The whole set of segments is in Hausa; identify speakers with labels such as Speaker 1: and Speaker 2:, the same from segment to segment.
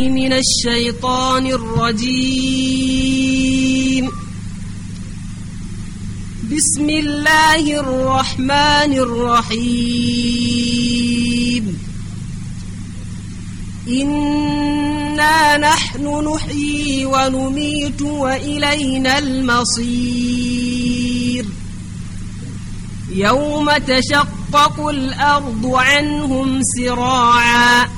Speaker 1: من الشيطان الرجيم بسم الله الرحمن الرحيم إنا نحن نحيي ونميت وإلينا المصير يوم تشقق الأرض عنهم سراعاً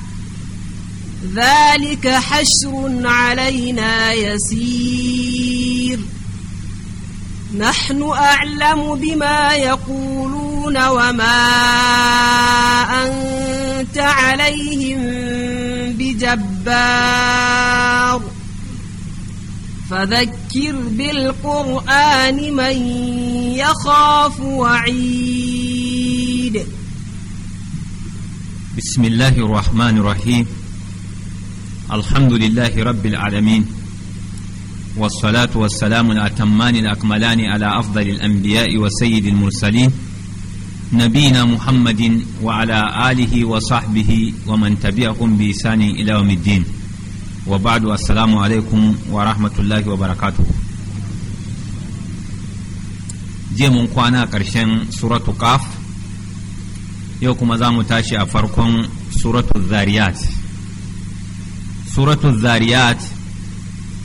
Speaker 1: ذلك حشر علينا يسير نحن أعلم بما يقولون وما أنت عليهم بجبار فذكر بالقرآن من يخاف وعيد
Speaker 2: بسم الله الرحمن الرحيم الحمد لله رب العالمين والصلاة والسلام الأتمان الأكملان على أفضل الأنبياء وسيد المرسلين نبينا محمد وعلى آله وصحبه ومن تبعهم بإحسان إلى يوم الدين وبعد السلام عليكم ورحمة الله وبركاته jiya mun kwana ƙarshen suratu kaf yau kuma za mu tashi a farkon suratu zariyat suratun zariyat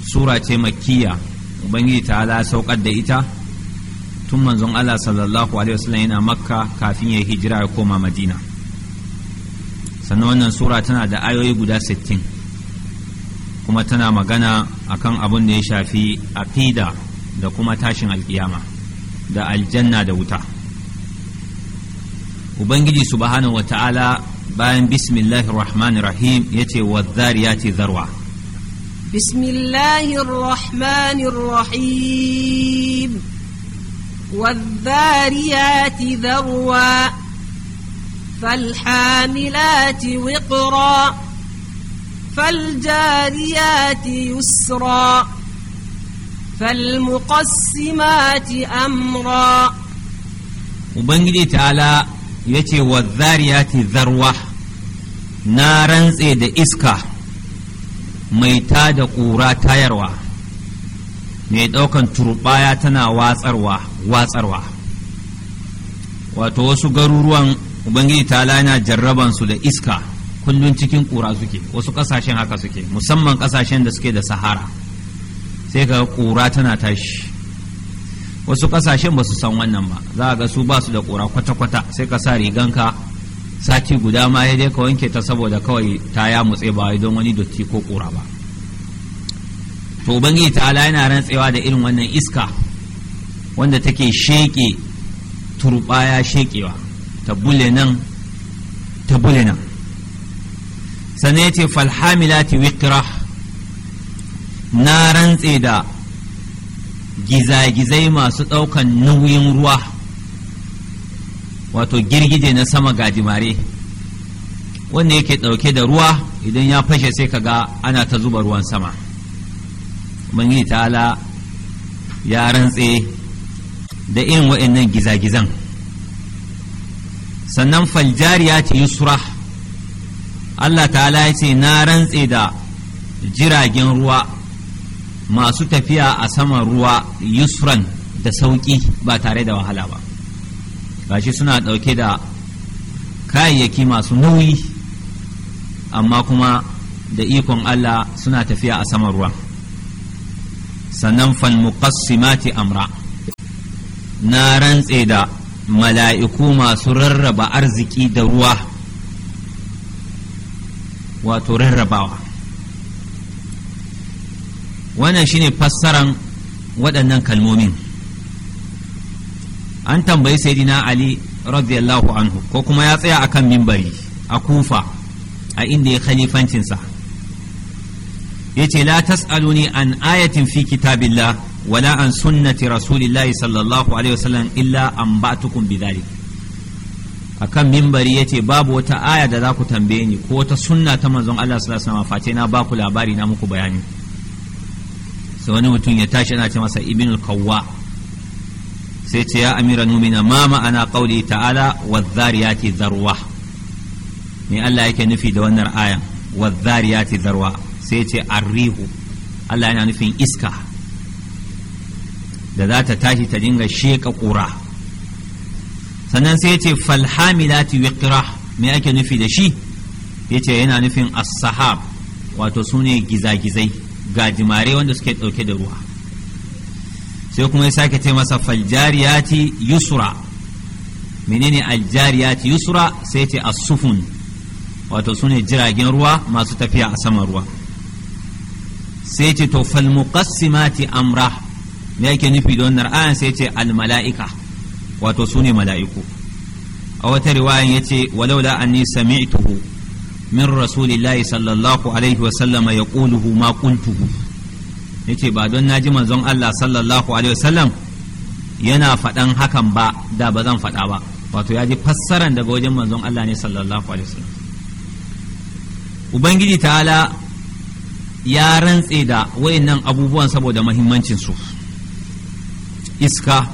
Speaker 2: sura ce Makiya ubangiji ta ala saukar da ita tun manzon Allah sallallahu alaihi wasallam yana makka kafin ya hijira ya koma madina sannan wannan sura tana da ayoyi guda 60 kuma tana magana akan abun da ya shafi aqida da kuma tashin alkiyama da aljanna da wuta ubangiji subhanahu wata'ala bayan bismillahir rahmanir rahim yace wadhariyati zarwa
Speaker 1: bismillahir rahmanir rahim wadhariyati dharwa falhamilati wiqra faljariyati yusra falmuqassimati amra
Speaker 2: ubangiji ta'ala ya ce wa zariyati zarwa na rantse da iska mai ta da ƙura tayarwa mai ɗaukan turbaya tana watsarwa watsarwa wato wasu garuruwan ubangiji ta lana su da iska kullum cikin ƙura suke wasu ƙasashen haka suke musamman ƙasashen da suke da sahara sai ka ƙura tana tashi wasu ƙasashen ba su san wannan ba za a ga su ba su da ƙura kwata-kwata sai ka sa riganka sati guda ma ya dai ka wanke ta saboda kawai ta ya mutse ba don wani dotti ko kura ba to ubangiji ala yana rantsewa da irin wannan iska wanda take sheƙe turbaya sheƙewa ta bule nan ta bule nan sannan ya ce falhamilati wikira na rantse da gizagizai masu ɗaukan nauyin ruwa wato girgije na sama gajimare wanda yake ɗauke da ruwa idan ya fashe sai kaga ana ta zuba ruwan sama ubangiji ta'ala ya rantse da irin waɗannan gizagizan sannan faljariya ta yusra Allah ta'ala ya ce na rantse da jiragen ruwa masu tafiya a saman ruwa yusran da sauƙi ba tare da wahala ba gashi suna ɗauke da kayayyaki masu nauyi amma kuma da ikon Allah suna tafiya a saman ruwa sannan falmuqassimati amra na rantse da mala'iku masu rarraba arziki da ruwa wato rarrabawa wannan shine fassaran waɗannan kalmomin an tambayi sayyidina ali radiyallahu anhu ko kuma ya tsaya akan mimbari a kufa a inda ya khalifancinsa yace la tas'aluni an ayatin fi kitabillah wala an sunnati rasulillahi sallallahu alaihi wasallam illa an ba'tukum bidhalik akan mimbari yace babu wata aya da za ku tambaye ni ko wata sunna ta manzon Allah sallallahu alaihi wasallam face na ba ku labari na muku bayani sai wani mutum ya tashi yana ce masa ibnul kawwa sai ce ya amira numina ma ma'ana qauli ta'ala wadh-dhariyati zarwa me Allah yake nufi da wannan ayan wadh-dhariyati zarwa sai ce arrihu Allah yana nufin iska da za ta tashi ta dinga sheƙa ƙura sannan sai ce falhamilati wiƙira me ake nufi da shi yace yana nufin as-sahab wato sune gizagizai gajimare wanda suke ɗauke da ruwa sai kuma ya sake ce masa faljariyati yusra menene aljariyati yusra sai ce asufun wato ne jiragen ruwa masu tafiya a saman ruwa sai ce to falmuqassimati amra me yake nufi da wannan ayan sai ce almala'ika wato ne mala'iku a wata riwayan yace walaula anni sami'tuhu min rasulillahi sallallahu alaihi wa sallama ma qultuhu yace ba don naji manzon Allah sallallahu alaihi wasallam yana faɗan hakan ba da ba zan faɗa ba wato ya ji fassaran daga wajen manzon Allah ne sallallahu alaihi wasallam ubangiji ta'ala ya rantse da wayannan abubuwan saboda mahimmancin su iska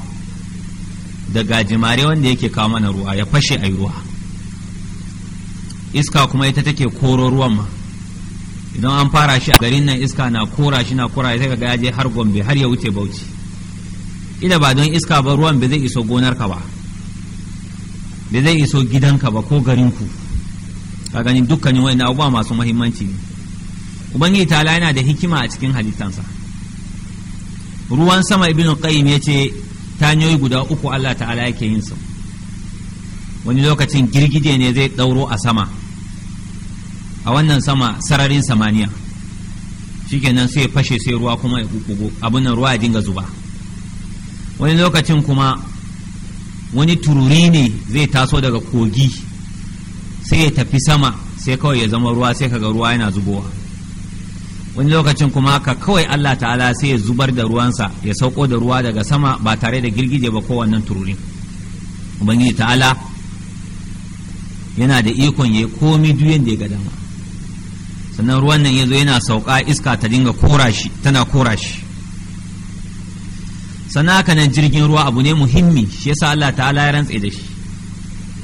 Speaker 2: da gajimare wanda yake kawo mana ruwa ya fashe a ruwa iska kuma ita take koro ruwan ma idan an fara shi a garin nan iska na kora shi na kora sai kaga je har gombe har ya wuce bauchi ida ba don iska ba ruwan ba zai iso gonarka ba ba zai iso gidanka ba ko garin ku. ka gani dukkanin wani abubuwa masu mahimmanci ne ubangiji ta yana da hikima a cikin halittansa ruwan sama ibn qayyim ya ce nyoyi guda uku allah ta'ala yake yin su wani lokacin girgije ne zai ɗauro a sama a wannan sama sararin samaniya shikenan sai fashe sai ruwa kuma ya kukugo abin nan ruwa ya dinga zuba wani lokacin kuma wani tururi ne zai taso daga kogi sai ya tafi sama sai kawai ya zama ruwa sai kaga ruwa yana zubowa wani lokacin kuma ka kawai Allah ta'ala sai ya zubar da ruwansa ya sauko da ruwa daga sama ba tare da girgije ba ko wannan tururin ubangiji ta'ala yana da ikon ya komi duyan da ya ga dama sannan ruwan nan ya zo yana sauka iska ta dinga kora shi tana kora shi sannan haka nan jirgin ruwa abu ne muhimmi shi yasa Allah ta'ala ya rantse da shi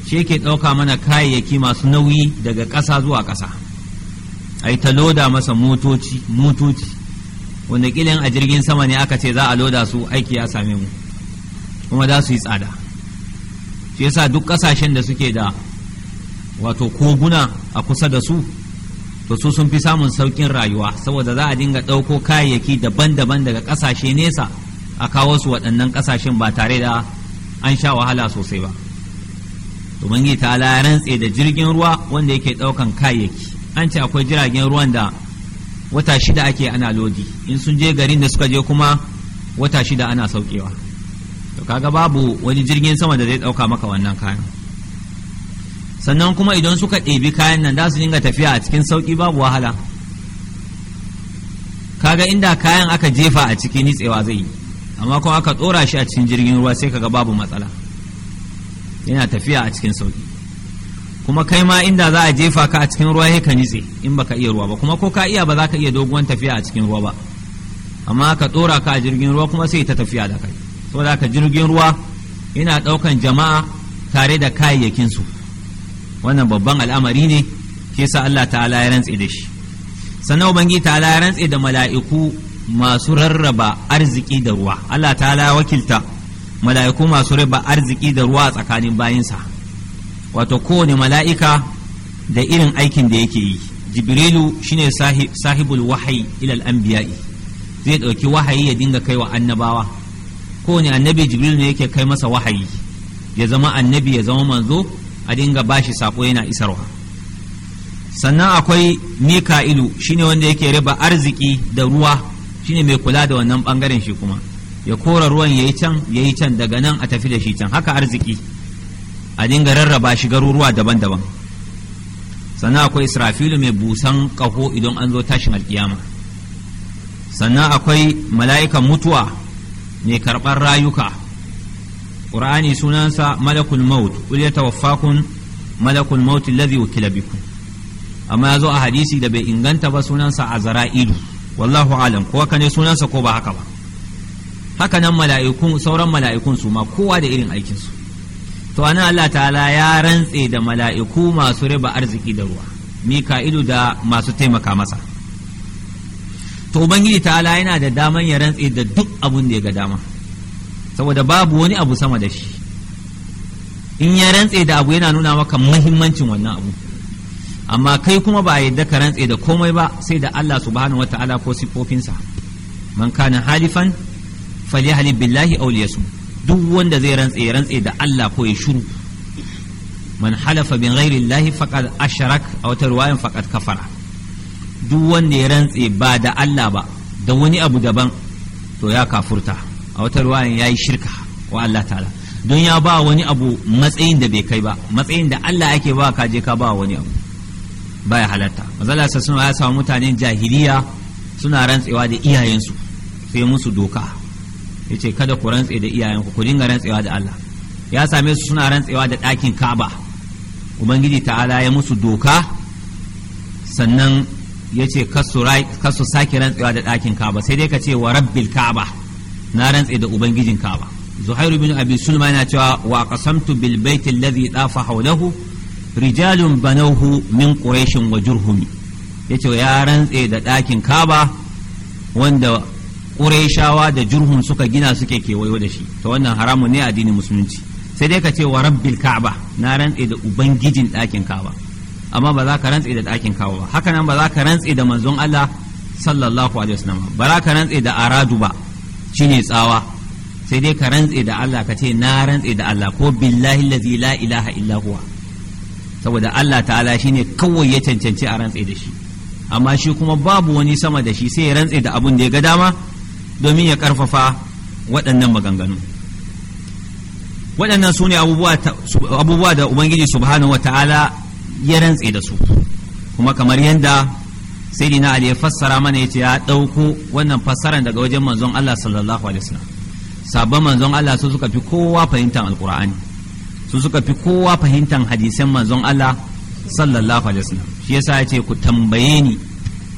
Speaker 2: shi yake ɗauka mana kayayyaki masu nauyi daga ƙasa zuwa ƙasa ai ta loda masa motoci motoci wanda kilin a jirgin sama ne aka ce za a loda su aiki ya same mu kuma za su yi tsada shi yasa duk ƙasashen da suke da wato koguna a kusa da su to su sun fi samun saukin rayuwa saboda za a dinga ɗauko kayayyaki daban-daban daga ƙasashe nesa a kawo su waɗannan ƙasashen ba tare da an sha wahala sosai ba ubangiji ta ya rantse da jirgin ruwa wanda yake ɗaukan kayayyaki an ce akwai jiragen ruwan da wata shida ake ana lodi in sun je garin da suka je kuma wata shida ana saukewa to kaga babu wani jirgin sama da zai ɗauka maka wannan kayan sannan kuma idan suka ɗebi kayan nan za su dinga tafiya a cikin sauƙi babu wahala kaga inda kayan aka jefa a ciki nitsewa zai yi amma kuma aka tsora shi a cikin jirgin ruwa sai kaga babu matsala yana tafiya a cikin sauƙi kuma kai ma inda za a jefa ka a cikin ruwa sai ka nitse in baka iya ruwa ba kuma ko ka iya ba za ka iya doguwan tafiya a cikin ruwa ba amma ka tsora ka a jirgin ruwa kuma sai ta tafiya da kai saboda ka jirgin ruwa yana ɗaukan jama'a tare da kayayyakinsu su wannan babban al'amari ne ke sa Allah ta'ala ya rantse da shi sannan ubangi ta'ala ya rantse da mala'iku masu rarraba arziki da ruwa Allah ta'ala ya wakilta mala'iku masu rarraba arziki da ruwa a tsakanin bayinsa wato kowane mala'ika da irin aikin da yake yi jibrilu shine sahibul wahayi ilal anbiya'i zai ɗauki wahayi ya dinga kaiwa annabawa kowane annabi jibrilu ne yake kai masa wahayi ya zama annabi ya zama manzo a dinga bashi sako yana isarwa sannan akwai mika'ilu shine wanda yake raba arziki da ruwa shine mai kula da wannan bangaren shi kuma ya kora ruwan yayi can yayi can daga nan a tafi da shi can haka arziki a dinga rarraba shi garuruwa daban-daban sannan akwai israfilu mai busan kaho idan an zo tashin alkiyama sannan akwai mala'ikan mutuwa mai karɓar rayuka qur'ani sunansa malakul maut qul yatawaffakum malakul maut alladhi wukila bikum amma yazo a hadisi da bai inganta ba sunansa azra'ilu wallahu alam ko haka sunansa ko ba haka ba haka nan mala'ikun sauran mala'ikun su ma kowa da irin aikin su to anan Allah ta'ala ya rantse da mala'iku masu riba arziki da ruwa mika'ilu da masu taimaka masa to ubangiji ta'ala yana da daman ya rantse da duk abun da ya ga dama saboda babu wani abu sama da shi in ya rantse da abu yana nuna maka muhimmancin wannan abu amma kai kuma ba yadda ka rantse da komai ba sai da Allah subhanahu wataala ko sifofinsa man kana halifan falyahlib billahi aw duk wanda zai rantse ya rantse da Allah ko ya shuru man halafa bin ghairi Allah faqad asharak aw tarwayan faqad kafara duk wanda ya rantse ba da Allah ba da wani abu daban to ya kafurta a wata ruwayan yi shirka wa Allah ta'ala don ya ba wani abu matsayin da bai kai ba matsayin da Allah yake ba ka je ka ba wani abu baya halatta mazala sa suna ya samu mutanen jahiliya suna rantsewa da iyayensu sai musu doka yace kada ku rantse da iyayenku ku dinga rantsewa da Allah ya same su suna rantsewa da ɗakin Ka'aba ubangiji ta'ala ya musu doka sannan yace kasu sake rantsewa da ɗakin Ka'aba sai dai ka ce wa rabbil Ka'aba na rantse da ubangijin ka'aba zuhairu bin abi sulma yana cewa wa qasamtu bil baiti alladhi dafa hawlahu rijalun banawhu min quraishin wa jurhumi yace ya rantse da ɗakin ka'aba wanda quraishawa da jurhum suka gina suke kewayo da shi to wannan haramun ne addinin musulunci sai dai ka ce wa rabbil ka'aba na rantse da ubangijin ɗakin ka'aba amma ba za ka rantse da ɗakin ka'aba ba haka nan ba za ka rantse da manzon Allah sallallahu alaihi wasallam ba za ka rantse da aradu ba ne tsawa sai dai ka rantse da Allah ka ce na rantse da Allah ko billahi lazi la ilaha illa huwa saboda Allah ta'ala shi ne kawai ya cancanci a rantse da shi amma shi kuma babu wani sama da shi sai ya rantse da abun da ya ga dama domin ya karfafa waɗannan maganganu waɗannan su ne abubuwa da ubangiji subhanahu wa ta'ala ya rantse da su kuma kamar yadda sai dina ali ya fassara mana yace ya ɗauko wannan fassaran daga wajen manzon Allah sallallahu alaihi wasallam sabon manzon Allah su suka fi kowa fahimtar alqur'ani su suka fi kowa fahimtar hadisan manzon Allah sallallahu alaihi wasallam shi yasa yace ku tambaye ni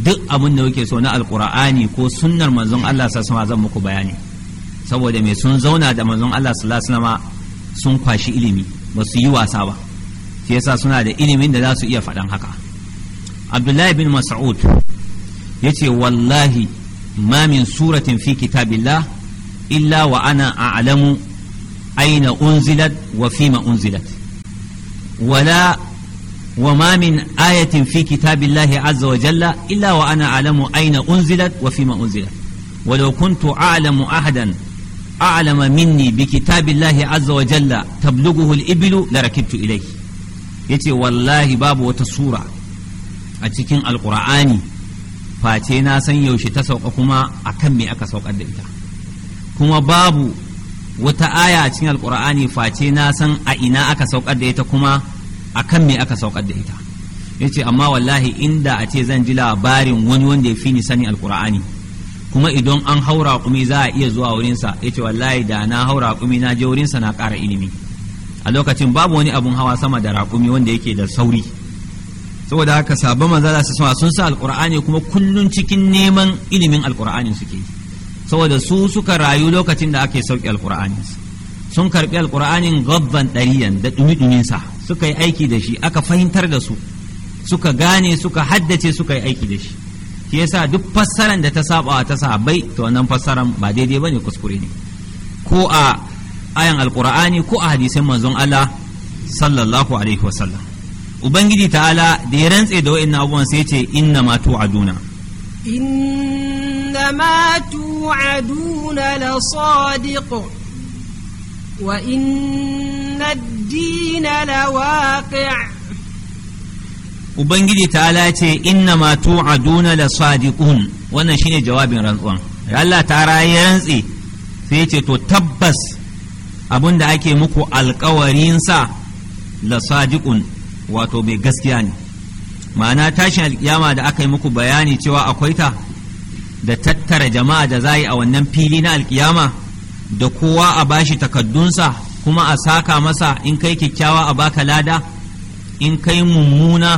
Speaker 2: duk abin da kuke so na alqur'ani ko sunnar manzon Allah sallallahu alaihi zan muku bayani saboda me sun zauna da manzon Allah sallallahu alaihi wasallam sun kwashi ilimi ba su yi wasa ba shi yasa suna da ilimin da za su iya faɗan haka abdullahi bin mas'ud ya ce wallahi ma min suratin fi kitabillah illa wa ana a'lamu aina unzilat wa ma unzilat wala wa ma min ayatin fi kitabillahi azza wa jalla illa wa ana a'lamu aina unzilat wa fi ma unzilat ولو كنت أعلم أحدا أعلم مني بكتاب الله عز وجل تبلغه الإبل لركبت إليه يتي والله باب وتصورة a cikin alkur'ani face na san yaushe ta sauka kuma akan me aka saukar da ita kuma babu wata aya a cikin alkur'ani face na san a ina aka saukar da ita kuma akan me aka saukar da ita Ya ce amma wallahi inda a ce zan ji labarin wani wanda ya fi ni sani alkur'ani kuma idan an haura kumi za a iya zuwa wurinsa ya ce wallahi da na haura kumi na je wurinsa na ƙara ilimi a lokacin babu wani abun hawa sama da raƙumi wanda yake da sauri saboda haka sabon za su sama sun sa alkur'ani kuma kullum cikin neman ilimin alkur'ani suke saboda su suka rayu lokacin da ake sauki alkur'ani sun karɓi alkur'anin gabban ɗariyan da dumi sa suka yi aiki da shi aka fahimtar da su suka gane suka haddace suka yi aiki da shi shi yasa duk fassaran da ta saba ta sahabbai to wannan fassaran ba daidai bane kuskure ne ko a ayan alkur'ani ko a hadisan manzon Allah sallallahu alaihi wasallam ubangiji ta'ala da ya rantse da wa'in abubuwan sai ce inna ma tu'aduna
Speaker 1: inna ma tu'aduna la sadiq wa inna ad-dina la waqi'
Speaker 2: ubangiji ta'ala ce inna ma aduna la sadiqun wannan shine jawabin rantsuwan Allah ta ya rantse sai ce to tabbas abinda ake muku alkawarin sa la sadiqun wato mai gaskiya ne ma'ana tashin alkiyama da aka yi muku bayani cewa akwai ta da tattara jama'a da za a yi a wannan fili na alkiyama da kowa a bashi takaddunsa kuma a saka masa in kai kyakkyawa a baka lada in kai mummuna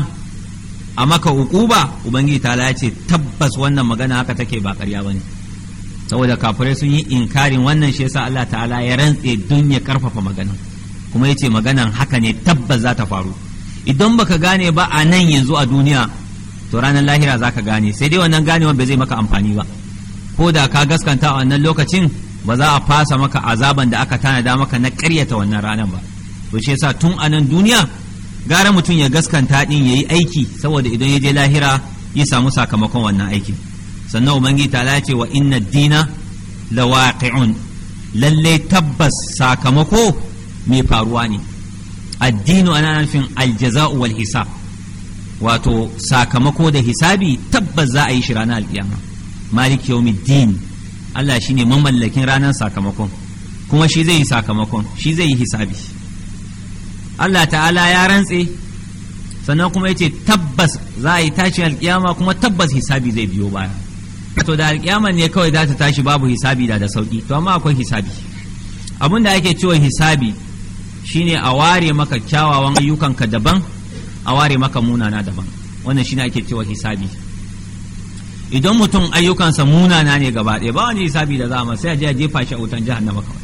Speaker 2: a maka ukuba ubangiji ta ya ce tabbas wannan magana haka take ba karya ba ne saboda kafirai sun yi inkarin wannan shi yasa Allah ta'ala ya rantse don ya karfafa maganan kuma yace ce maganan haka ne tabbas za ta faru idan baka gane ba a nan yanzu a duniya to ranar lahira za ka gane sai dai wannan ganewan bai zai maka amfani ba ko da ka gaskanta a wannan lokacin ba za a fasa maka azaban da aka tanada maka na karyata wannan ranar ba to shi yasa tun a nan duniya gara mutum ya gaskanta din yayi aiki saboda idan ya je lahira ya samu sakamakon wannan aikin sannan ubangiji ta ce wa inna dina lawaqi'un lalle tabbas sakamako mai faruwa ne Addini ana nufin aljaza'u wal hisab wato sakamako da hisabi tabbas za a yi shi ranar alkiyama malik din Allah shi ne mamallakin ranar sakamakon kuma shi zai yi sakamakon shi zai yi hisabi Allah ta'ala ya rantse sannan kuma ya ce tabbas za a yi tashin alƙiyama kuma tabbas hisabi zai biyo baya to da alƙiyama ne kawai za ta tashi babu hisabi da da sauƙi to amma akwai hisabi abin da ake cewa hisabi shine a ware maka kyawawan ayyukanka daban a ware maka munana daban wannan shine ake cewa hisabi idan mutum ayyukansa munana ne gaba ɗaya ba wani hisabi da za a sai a je a jefa shi a wutan jahannama kawai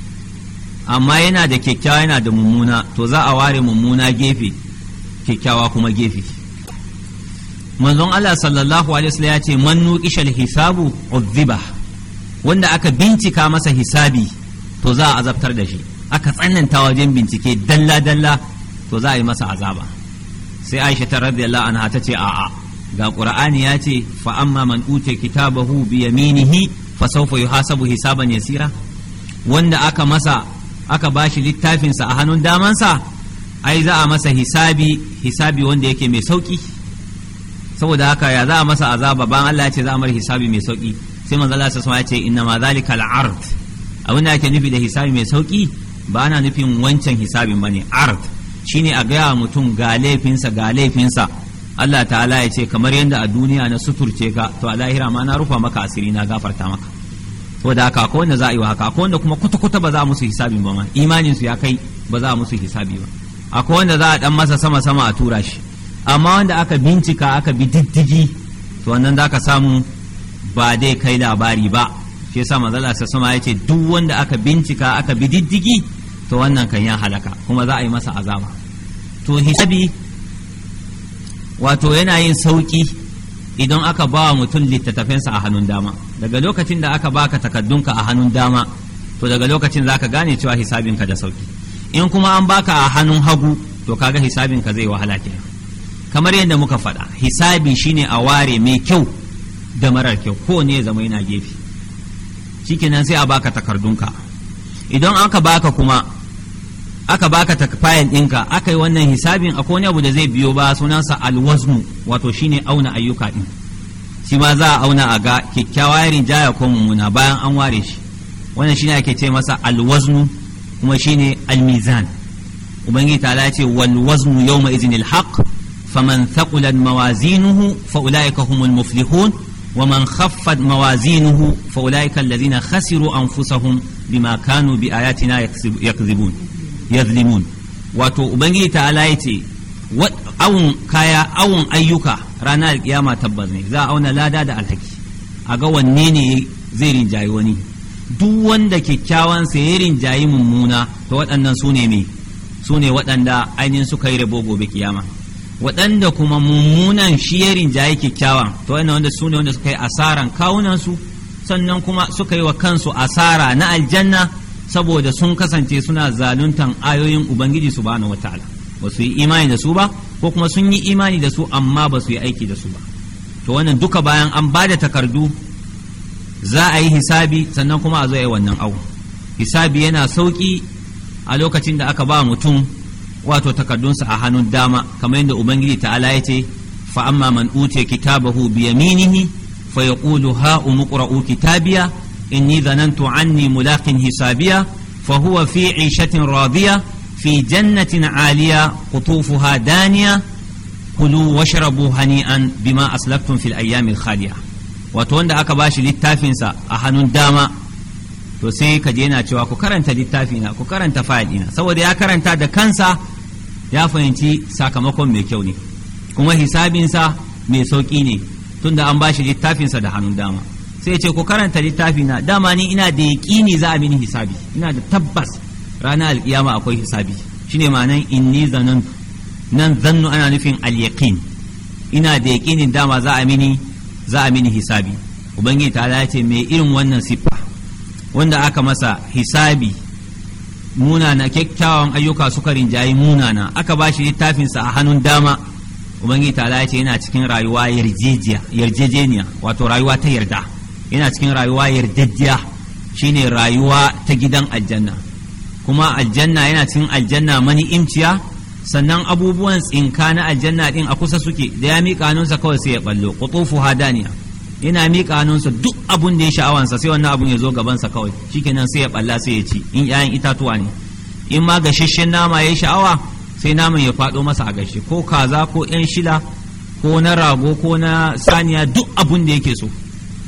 Speaker 2: amma yana da kyakkyawa yana da mummuna to za a ware mummuna gefe kyakkyawa kuma gefe manzon Allah sallallahu alaihi wasallam ya ce man nuqishal hisabu udhiba wanda aka bincika masa hisabi to za a azabtar da shi aka tsananta wajen bincike dalla dalla to za a yi masa azaba sai aisha ta radiyallahu anha ta ce a'a ga qur'ani ya ce fa amma man uce kitabahu bi yaminihi fa sawfa yuhasabu hisaban yasira wanda aka masa aka bashi littafinsa a hannun damansa ai za a masa hisabi hisabi wanda yake mai sauki saboda haka ya za a masa azaba ban Allah ya ce za a mar hisabi mai sauki sai manzo Allah ya ce inna ma zalika ard abin da ake nufi da hisabi mai sauki ba na nufin wancan hisabin bane shi shine a gaya mutum ga laifinsa ga laifinsa Allah ta'ala ya ce kamar yadda a duniya na suturce ka to a lahira ma na rufa maka asiri na gafarta maka to da haka ko wanda za a yi haka ko wanda kuma kuta kuta ba za a musu hisabin ba ma imanin su ya kai ba za a musu hisabi ba akwai wanda za a dan masa sama sama a tura shi amma wanda aka bincika aka bi diddigi to wannan za ka samu ba dai kai labari ba shi yasa manzala sa sama ya ce duk wanda aka bincika aka bi diddigi to wannan kan ya halaka kuma za a yi masa azaba to hisabi wato yana yin sauki idan aka ba wa mutum littattafensa a hannun dama daga lokacin da aka baka takaddunka a hannun dama to daga lokacin za ka gane cewa hisabinka da sauki in kuma an baka a hannun hagu to kaga hisabinka zai wahala kenan kamar yadda muka faɗa hisabi shine a ware mai kyau da marar kyau ko ne ya zama yana gefe shikenan sai a baka takardunka idan aka baka kuma aka baka takfayan ɗinka aka yi wannan hisabin akwai wani abu da zai biyo ba sunansa alwazmu wato shine auna ayyuka ɗin shi ma za a auna a ga kyakkyawa yarin jaya ko mummuna bayan an ware shi wannan shine ake ce masa alwaznu kuma shine almizan ubangiji ta ce wal waznu yawma izinil haqq faman thaqulat mawazinuhu fa ulaika humul muflihun ومن خفت موازينه فأولئك الذين خسروا أنفسهم بما كانوا بآياتنا yakzibu yazlimun wato ubangiji ta ya ce awun kaya awun ayyuka ranar alkiyama tabbas ne za a auna lada da alhaki a ga wanne ne zai rinjayi wani duk wanda kyakkyawan sa ya rinjayi mummuna to waɗannan su ne sune su ne waɗanda ainihin suka yi rabo gobe kiyama waɗanda kuma mummunan shi ya rinjayi kyakkyawan to waɗanda wanda su ne wanda suka yi asaran kawunan su sannan kuma suka yi wa kansu asara na aljanna saboda sun kasance suna zaluntan ayoyin ubangiji su bana wataala ba su yi imani da su ba ko kuma sun yi imani da su amma ba su yi aiki da su ba to wannan duka bayan an ba da takardu za a yi hisabi sannan kuma a zo yi wannan awo hisabi yana sauki a lokacin da aka ba mutum wato takardunsa a hannun dama kamar yadda ubangiji ta'ala ya ce fa amma man utiya kitabahu bi yaminihi fa yaqulu ha umqra'u kitabiya إني ظننت عني ملاق حسابية فهو في عيشة راضية في جنة عالية قطوفها دانية كلوا واشربوا هنيئا بما أسلفتم في الأيام الخالية وتوند أكباش للتافنسا أحن داما to sai ka je yana cewa ku karanta littafina ku karanta fayil ina saboda ya karanta da kansa ya fahimci sakamakon mai kyau ne kuma hisabinsa mai sauƙi ne tunda an bashi littafinsa da hannun dama sai ce ku karanta littafi na dama ni ina da yaƙini za a mini hisabi ina da tabbas ranar alƙiyama akwai hisabi shine ma'anan inni zanan nan zannu ana nufin alyaqin ina da yaƙinin dama za a mini za a mini hisabi ubangiji ta ya ce mai irin wannan siffa wanda aka masa hisabi munana kyakkyawan ayyuka suka rinjayi munana aka ba shi littafinsa a hannun dama ubangiji ta ya ce yana cikin rayuwa yarjejeniya wato rayuwa ta yarda yana cikin rayuwa yardajjiya shine rayuwa ta gidan aljanna kuma aljanna yana cikin aljanna mani imciya sannan abubuwan tsinka na aljanna din a kusa suke da ya miƙa hannunsa kawai sai ya ballo qutufu hadaniya yana miƙa hannunsa duk abun da ya sha'awansa sai wannan abun ya zo gabansa kawai shikenan sai ya balla sai ya ci in 'ya'yan itatuwa ne in ma gasasshen nama ya sha'awa sai naman ya faɗo masa a gashi ko kaza ko ƴan shila ko na rago ko na saniya duk abun da yake so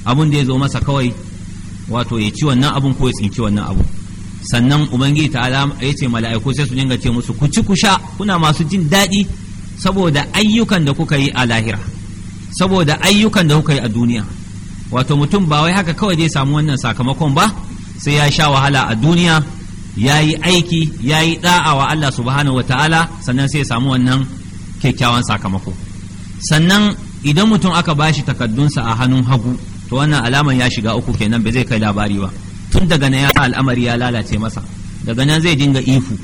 Speaker 2: abun da ya zo masa kawai wato ya ci wannan abun ko ya tsinci wannan abun sannan ubangiji ta'ala ya ce mala'iku sai su dinga ce musu ku ci ku sha kuna masu jin daɗi saboda ayyukan da kuka yi a lahira saboda ayyukan da kuka yi a duniya wato mutum ba wai haka kawai zai samu wannan sakamakon ba sai ya sha wahala a duniya ya yi aiki ya yi da'a wa Allah subhanahu wa ta'ala sannan sai ya samu wannan kyakkyawan sakamako sannan idan mutum aka bashi takaddunsa a hannun hagu to wannan alaman ya shiga uku kenan ba zai kai labari ba tun daga nan ya al'amari ya lalace masa daga nan zai dinga ifu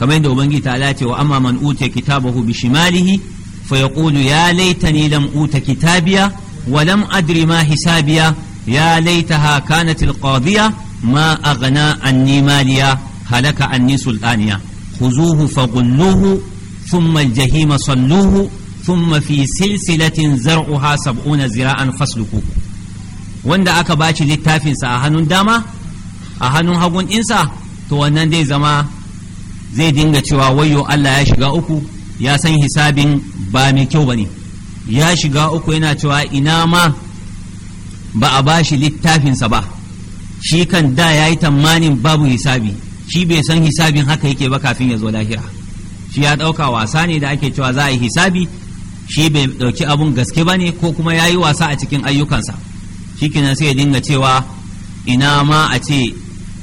Speaker 2: kamar yadda ubangiji ta lalace wa amma man uta kitabahu bi shimalihi fa yaqulu ya laitani lam uta kitabiya wa lam adri ma hisabiya ya laitaha kanat alqadiya ma aghna anni maliya halaka anni sultaniya khuzuhu faghulluhu thumma aljahima salluhu ثم في سلسلة زرعها سبعون ذراعا فاسلكوه wanda aka baci littafinsa a hannun dama a hannun hagun ɗinsa to wannan dai zama zai dinga cewa wayo Allah ya shiga uku ya san hisabin ba mai kyau ba ne ya shiga uku yana cewa ina ma ba a ba shi littafinsa ba shi kan da ya yi tamanin babu hisabi shi bai san hisabin haka yake ba kafin ya zo lahira shi ya ɗauka wasa ne da ake cewa za a yi hisabi shi bai ɗauki abun gaske ba ne ko kuma ya yi wasa a cikin ayyukansa shi kenan sai ya dinga cewa ina ma a ce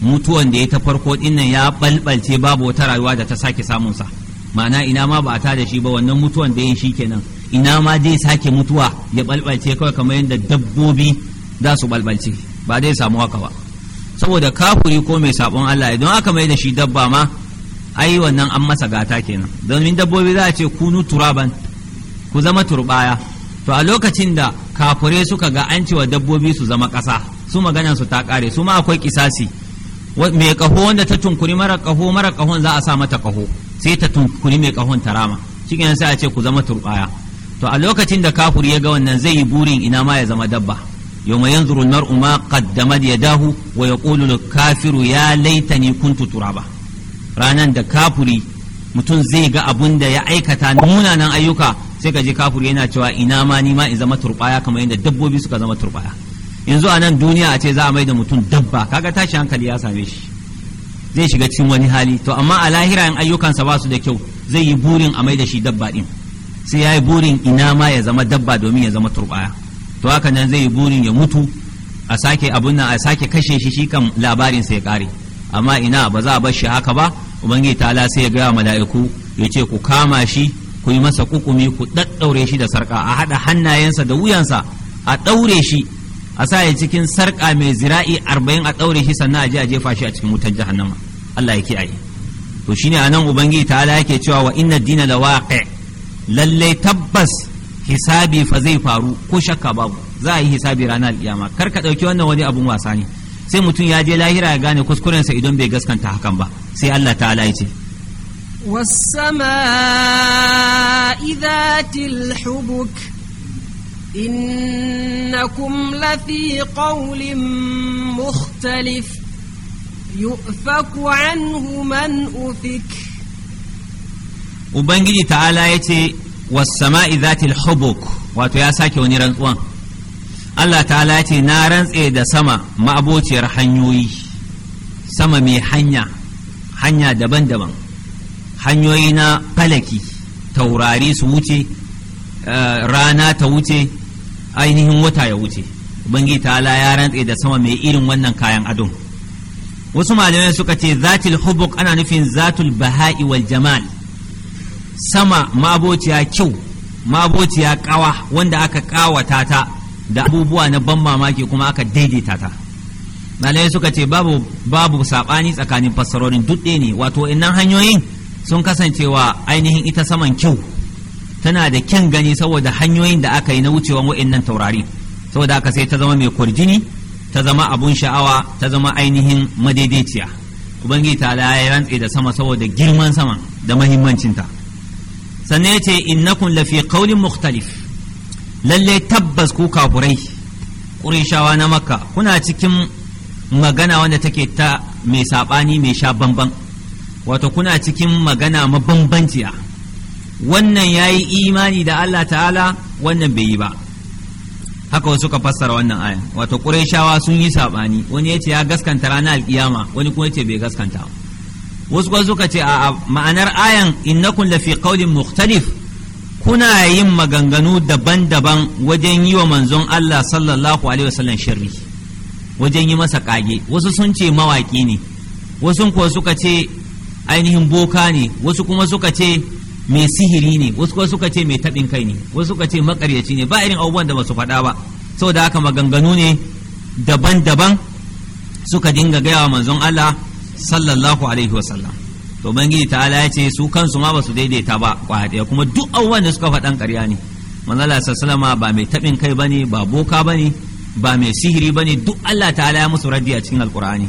Speaker 2: mutuwan da ya ta farko dinnan ya balbalce babu wata rayuwa da ta sake samunsa ma'ana ina ma ba a tada shi ba wannan mutuwan da ya shi kenan ina ma zai sake mutuwa ya balbalce kawai kamar yadda dabbobi za su balbalce ba zai samu haka ba saboda kafuri ko mai sabon Allah idan aka mai da shi dabba ma ai wannan an masa gata kenan domin dabbobi za a ce kunu turaban ku zama turbaya to a lokacin da kafure suka ga an cewa dabbobi su zama ƙasa su maganan su ta ƙare su ma akwai kisasi mai ƙaho wanda ta tunkuri mara kaho mara kahon za a sa mata kaho sai ta tunkuri mai ƙahon ta rama cikin sai a ce ku zama turbaya to a lokacin da kafuri ya ga wannan zai yi burin ina ma ya zama dabba yawma yanzuru al-mar'u ma qaddamat yadahu wa yaqulu kafiru ya laitani kuntu turaba ranar da kafuri mutum zai ga abun da ya aikata munanan ayyuka sai ka je kafur yana cewa ina ma ni ma in zama turbaya kamar yadda dabbobi suka zama turbaya yanzu a nan duniya a ce za a mai da mutum dabba kaga tashi hankali ya same shi zai shiga cikin wani hali to amma a lahira in ayyukansa ba su da kyau zai yi burin a mai da shi dabba din sai ya yi burin ina ma ya zama dabba domin ya zama turbaya to haka nan zai yi burin ya mutu a sake abun nan a sake kashe shi shi kan labarin sai ya kare amma ina ba za a bar shi haka ba ubangiji ta sai ya ga mala'iku ya ce ku kama shi ku yi masa kukumi ku daddaure shi da sarka a hada hannayensa da wuyansa a daure shi a sa ya cikin sarka mai zira'i arba'in a daure shi sannan a je a jefa shi a cikin wutar jahannama Allah ya kiyaye to shine anan ubangiji ta'ala yake cewa wa inna dina la lalle tabbas hisabi fa zai faru ko shakka babu za a yi hisabi ranar kiyama kar ka dauki wannan wani abun wasa ne sai mutum ya je lahira ya gane kuskurensa idan bai gaskanta hakan ba sai Allah ta'ala ya ce
Speaker 1: والسماء ذات الحبك إنكم لفي قول مختلف يؤفك عنه من أفك
Speaker 2: وبنجي تعالى يتي والسماء ذات الحبك واتو يا ساكي ونيران Allah ta'ala ce na rantse da sama ma'abociyar hanyoyi sama mai hanya hanya daban-daban hanyoyi na falaki taurari su wuce eh, rana ta wuce ainihin wata ya wuce ubangiji ala ya rantse da sama mai irin wannan kayan adon wasu malamai suka ce zatul hubuk ana nufin zatul baha'i wal jamal sama mabociya kyau mabociya kawa wanda aka kawata ta da abubuwa na ban mamaki kuma aka daidaita ta malamai suka ce babu babu sabani tsakanin fassarorin duk ne wato innan hanyoyin sun kasancewa ainihin ita saman kyau tana da kyan gani saboda hanyoyin da aka yi na wucewan wa'annan taurari saboda aka sai ta zama mai kwarjini ta zama abun sha'awa ta zama ainihin madaidaiciya ubangiji ta ya rantse da sama saboda girman saman da mahimmancinta sannan ya ce kun lafi kaulin mukhtalif lalle tabbas ku kafurai ƙurishawa na makka kuna cikin magana wanda take ta mai saɓani mai sha bamban wato kuna cikin magana mabambanciya wannan ya yi imani da Allah ta'ala wannan bai yi ba haka wasu ka fassara wannan aya wato ƙurayshawa sun yi saɓani wani ya ce ya gaskanta ranar alƙiyama wani kuma ya ce bai gaskanta wasu kuma suka ce a ma'anar ayan innakum lafi qawlin mukhtalif kuna yin maganganu daban-daban wajen yi wa manzon Allah sallallahu alaihi wasallam shirri wajen yi masa kage wasu sun ce mawaki ne wasu kuwa suka ce ainihin boka ne wasu kuma suka ce mai sihiri ne wasu kuma suka ce mai taɓin kai ne wasu suka ce makaryaci ne ba irin abubuwan da ba su faɗa ba saboda haka maganganu ne daban-daban suka dinga gaya wa manzon Allah sallallahu alaihi wasallam to ta'ala ya ce su kansu ma ba su daidaita ba kwaɗaya kuma duk abubuwan da suka faɗan ƙarya ne manzon Allah sallallahu ba mai taɓin kai ba ne ba boka ba ne ba mai sihiri ba ne duk Allah ta'ala ya musu raddi a cikin alkur'ani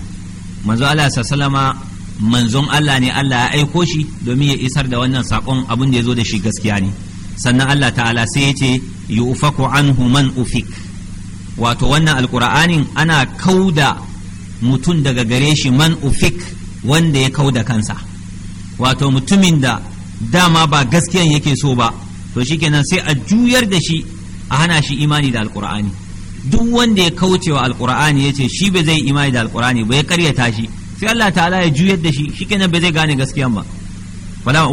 Speaker 2: manzon Allah sallama manzon Allah ne Allah ya aiko shi domin ya isar da wannan sakon abin da ya zo da shi gaskiya ne sannan Allah ta'ala sai ya ce yufaku anhu man ufik wato wannan alkur'anin ana kauda mutum daga gare shi man ufik wanda ya kauda kansa wato mutumin da dama ba gaskiyan yake so ba to shikenan sai a juyar da shi a hana shi imani da Alƙur'ani duk wanda ya kauce wa alkur'ani ya ce shi ba zai imani da Alƙur'ani ba ya karyata shi sai Allah ta'ala ya juyar da shi shikenan bai zai gane gaskiya ba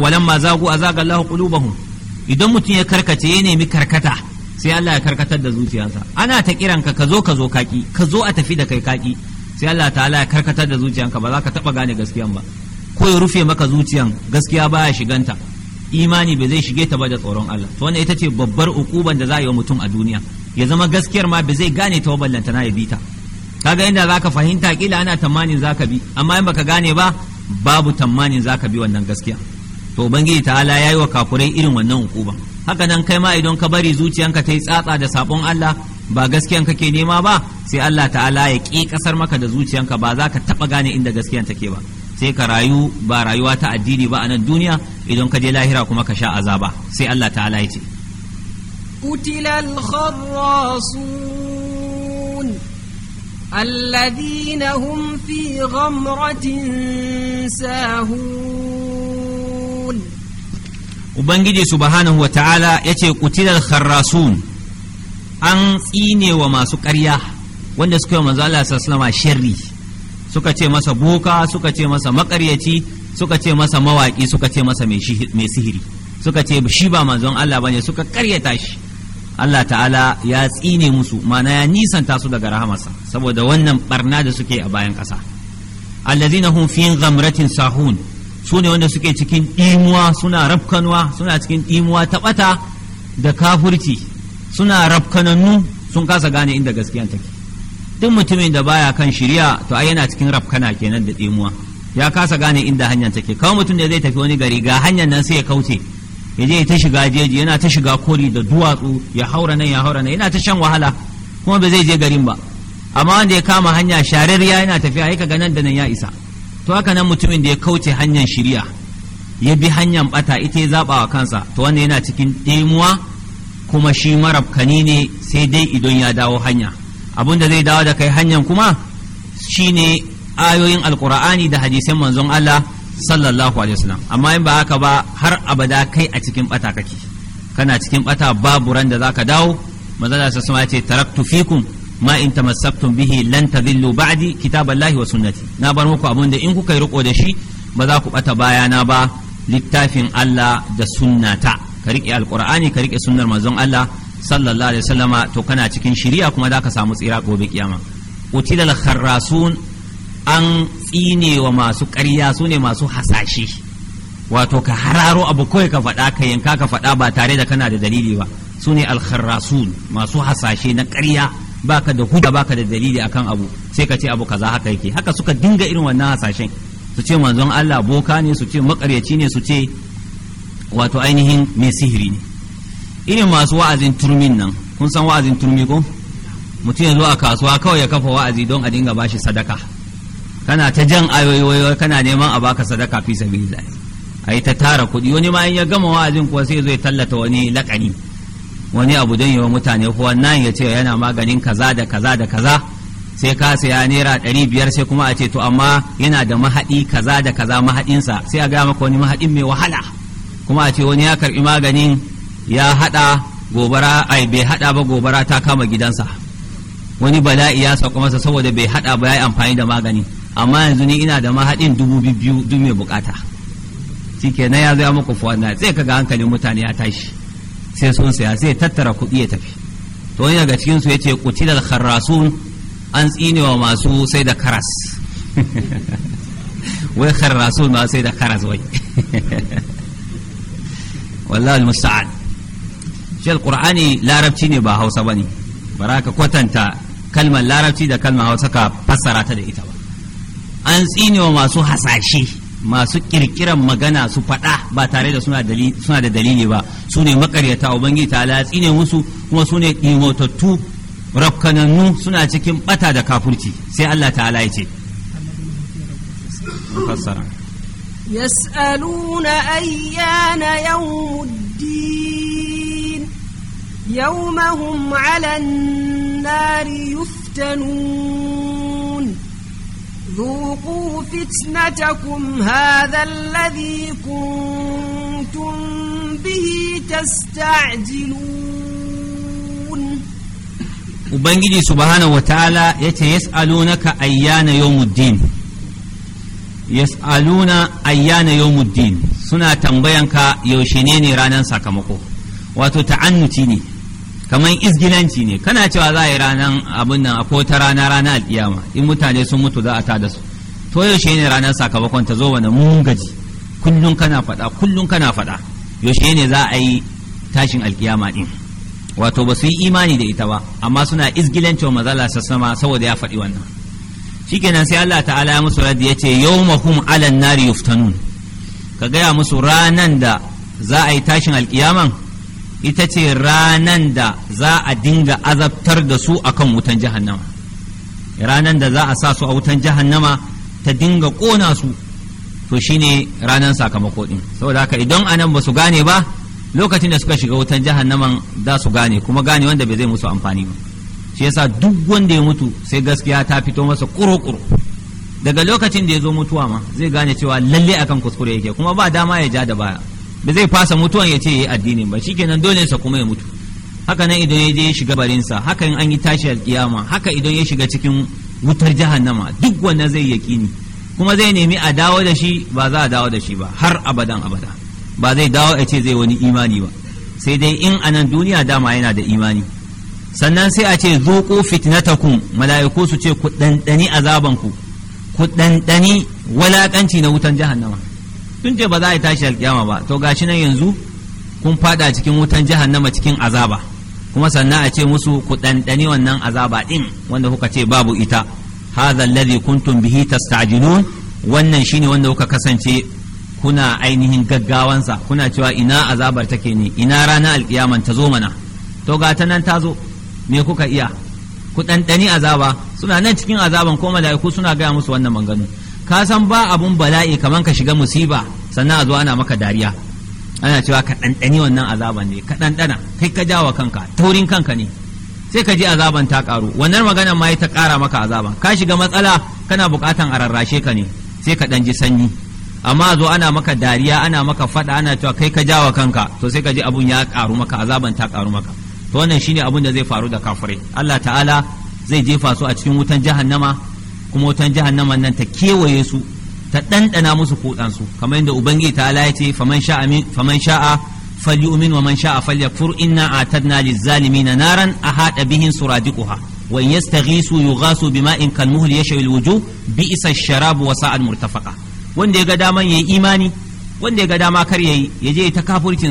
Speaker 2: walan ma zagu azaga Allahu qulubahum idan mutum ya karkace ya nemi karkata sai Allah ya karkatar da zuciyarsa ana ta kiranka ka zo ka zo kaki ka zo a tafi da kai kaki sai Allah ta'ala ya karkatar da zuciyanka ba za ka taba gane gaskiyan ba ko ya rufe maka zuciyar gaskiya baya shiganta imani bai zai shige ta ba da tsoron Allah to wannan ita ce babbar ukuban da za a yi wa mutum a duniya ya zama gaskiyar ma bai zai gane ta ballantana ya bita kaga inda zaka fahimta kila ana tamanin zaka bi amma in baka gane ba babu tamanin zaka bi wannan gaskiya to ubangiji ta'ala yayi wa kafurai irin wannan hukuma haka nan kai ma idan ka bari zuciyanka ta yi tsatsa da sabon Allah ba gaskiyan kake nema ba sai Allah ta'ala ya ki kasar maka da zuciyanka ba za ka taɓa gane inda gaskiyan take ba sai ka rayu ba rayuwa ta addini ba a nan duniya idan ka je lahira kuma ka sha azaba sai Allah ta'ala ya ce
Speaker 1: قتل الخراصون الذين هم في غمرة ساهون
Speaker 2: Ubangiji سبحانه وتعالى يتي ya ce, Kutilar kharrasun an tsine wa masu ƙarya wanda suka yi manzo Allah suka ce masa boka suka ce masa maƙaryaci suka ce masa mawaƙi suka ce masa mai sihiri suka ce shi ba manzon Allah bane suka ƙaryata shi Allah ta'ala ya tsine musu mana ya nisanta su daga rahamarsa saboda wannan barna da suke a bayan kasa. allazina hum fi ghamratin sahun su ne wanda suke cikin ɗimuwa suna rafkanwa suna cikin ɗimuwa ta ɓata da kafurci suna rafkanannu sun kasa gane inda gaskiya take duk mutumin da baya kan shirya to ai yana cikin rafkana kenan da ɗimuwa ya kasa gane inda hanyar take kawai mutum da zai tafi wani gari ga hanyar nan sai ya kauce ya je ta shiga jeji yana ta shiga kori da duwatsu ya haura nan ya haura nan yana ta shan wahala kuma ba zai je garin ba amma wanda ya kama hanya ya yana tafiya ya ga nan da nan ya isa to haka nan mutumin da ya kauce hanyar shiriya ya bi hanyar bata ita ya zaba wa kansa to wanda yana cikin ɗimuwa kuma shi marabkani ne sai dai idon ya dawo hanya abin da zai dawo da kai hanyar kuma shine ayoyin alkur'ani da hadisan manzon Allah sallallahu alaihi wasallam amma in ba haka ba har abada kai a cikin bata kake kana cikin bata babu ran da zaka dawo manzala sa ce taraktu fikum ma in tamassaktum bihi lan tadillu ba'di kitaballahi wa sunnati na bar muku abun da in kuka yi riko da shi ba za ku bata bayana ba littafin Allah da sunnata ka riƙe alqur'ani ka riƙe sunnar manzon Allah sallallahu alaihi wasallama to kana cikin shiri'a kuma za ka samu tsira gobe kiyama utilal kharrasun an tsine wa masu ƙarya su ne masu hasashe wato ka hararo abu kawai ka faɗa ka yanka ka faɗa ba tare da kana da dalili ba su ne alkharrasun masu hasashe na ƙarya baka da hujja baka da dalili akan abu sai ka ce abu kaza haka yake haka suka dinga irin wannan hasashen su ce manzon Allah boka ne su ce makaryaci ne su ce wato ainihin mai sihiri ne irin masu wa'azin turmin nan kun san wa'azin turmi ko mutum ya zo a kasuwa kawai ya kafa wa'azi don a dinga bashi sadaka kana ta jan ayoyi kana neman a baka sadaka fi sabilillah ai ta tara kuɗi wani ma in ya gama wa'azin kuwa sai zai tallata wani lakani wani abu don yi wa mutane ko wannan ya ce yana maganin kaza da kaza da kaza sai ka saya naira ɗari biyar sai kuma a ce to amma yana da mahaɗi kaza da kaza mahaɗinsa sai a gaya maka wani mahaɗin mai wahala kuma a ce wani ya karɓi maganin ya haɗa gobara ai bai haɗa ba gobara ta kama gidansa wani bala'i ya sauka masa saboda bai haɗa ba ya yi amfani da magani amma yanzu ni ina da mahaɗin dubu biyu duk mai bukata shike na ya zai muku fuwanna sai kaga hankalin mutane ya tashi sai sun saya zai tattara kuɗi ya tafi to wani daga cikin su yace qutilal kharrasun an tsinewa masu sai da karas wai kharrasun ma sai da karas wai wallahi musta'an shi alqur'ani larabci ne ba hausa bane baraka kwatanta kalmar larabci da kalmar hausa ka fassara ta da ita ba an tsine wa masu hasashe masu kirkiran magana su faɗa ba tare da suna da dalili ba su ne makaryata ubangiji ta tsine musu kuma su ne ɗimotattu rakkanannu suna cikin bata da kafurci sai Allah ta'ala ya ce
Speaker 1: yas'aluna ayyana yawmuddin yawmahum 'alan nari yuftanun ذوقوا فتنتكم هذا الذي كنتم به تستعجلون
Speaker 2: Ubangiji subhanahu wa ta'ala ya ce, Yas'alunaka ayyana yawmuddin Yas'aluna ayyana yawmuddin suna tambayanka yaushe ne ne ranar sakamako, wato ta'annuti ne. kamar izgilanci ne kana cewa za a yi ranar abin nan a ta rana rana alƙiyama in mutane sun mutu za a ta da su to yaushe ne ranar sakamakon ta zo wani mun gaji kullum kana faɗa kullum kana faɗa yaushe ne za a yi tashin alkiyama din wato ba su yi imani da ita ba amma suna izgilanci wa mazala sassama saboda ya faɗi wannan shikenan sai Allah ta'ala ya musu radi yace yawmahum 'alan nari yuftanun ka gaya musu ranan da za a yi tashin alkiyaman ita ce ranan da za a dinga azabtar da su a kan wutan jahannama ranan da za a sa su a wutan jahannama ta dinga ƙona su to shine ranan sakamako din saboda haka idan anan ba su gane ba lokacin da suka shiga wutan jahannaman za su gane kuma gane wanda bai zai musu amfani ba shi yasa duk wanda ya mutu sai gaskiya ta fito masa kuro-kuro daga lokacin da ya zo mutuwa ma zai gane cewa lalle akan kuskure yake kuma ba dama ya ja da baya ba zai fasa mutuwan ya ce ya yi addinin ba shikenan dole sa kuma ya mutu haka nan idan ya je ya shiga barinsa haka in an yi tashi alkiyama haka idan ya shiga cikin wutar jahannama duk wannan zai yakini kuma zai nemi a dawo da shi ba za a dawo da shi ba har abadan abada ba zai dawo a ce zai wani imani ba sai dai in a nan duniya dama yana da imani sannan sai a ce zuqu fitnatakum mala'iku su ce ku ɗanɗani azabanku ku ɗanɗani walakanci na wutan jahannama tun ce ba za a yi tashi alkiyama ba to gashi nan yanzu kun fada cikin wutan jahannama cikin azaba kuma sannan a ce musu ku ɗanɗani wannan azaba ɗin wanda kuka ce babu ita hadha alladhi kuntum bihi tasta'jilun wannan shine wanda kuka kasance kuna ainihin gaggawansa kuna cewa ina azabar take ne ina rana alkiyaman ta zo mana to ga ta nan ta me kuka iya ku ɗanɗani azaba suna nan cikin azaban ko mala'iku suna gaya musu wannan magana ka san ba abun bala'i kamar ka shiga musiba sannan a zo ana maka dariya ana cewa ka ɗanɗani wannan azaban ne ka ɗanɗana kai ka jawa kanka taurin kanka ne sai ka ji azaban ta ƙaru wannan magana ma ta ƙara maka azaban ka shiga matsala kana buƙatan a rarrashe ka ne sai ka ɗan ji sanyi amma zo ana maka dariya ana maka faɗa ana cewa kai ka jawa kanka to sai ka ji abun ya ƙaru maka azaban ta ƙaru maka to wannan shine abun da zai faru da kafirai Allah ta'ala zai jefa su a cikin wutan jahannama kuma wutan jahannama nan ta kewaye su ta ɗanɗana musu kuɗansu kamar yadda ubangiji ta ala ce faman sha'a falyu'min wa man sha'a falyakfur inna atadna na naran haɗa bihin suradiquha wa in yastaghisu yughasu bima'in kalmuhl yashwi alwujuh bi isa sharabu wa sa'ad murtafaqa wanda ya ga daman yi imani wanda ya ga dama kar yayi ya je ta kafurcin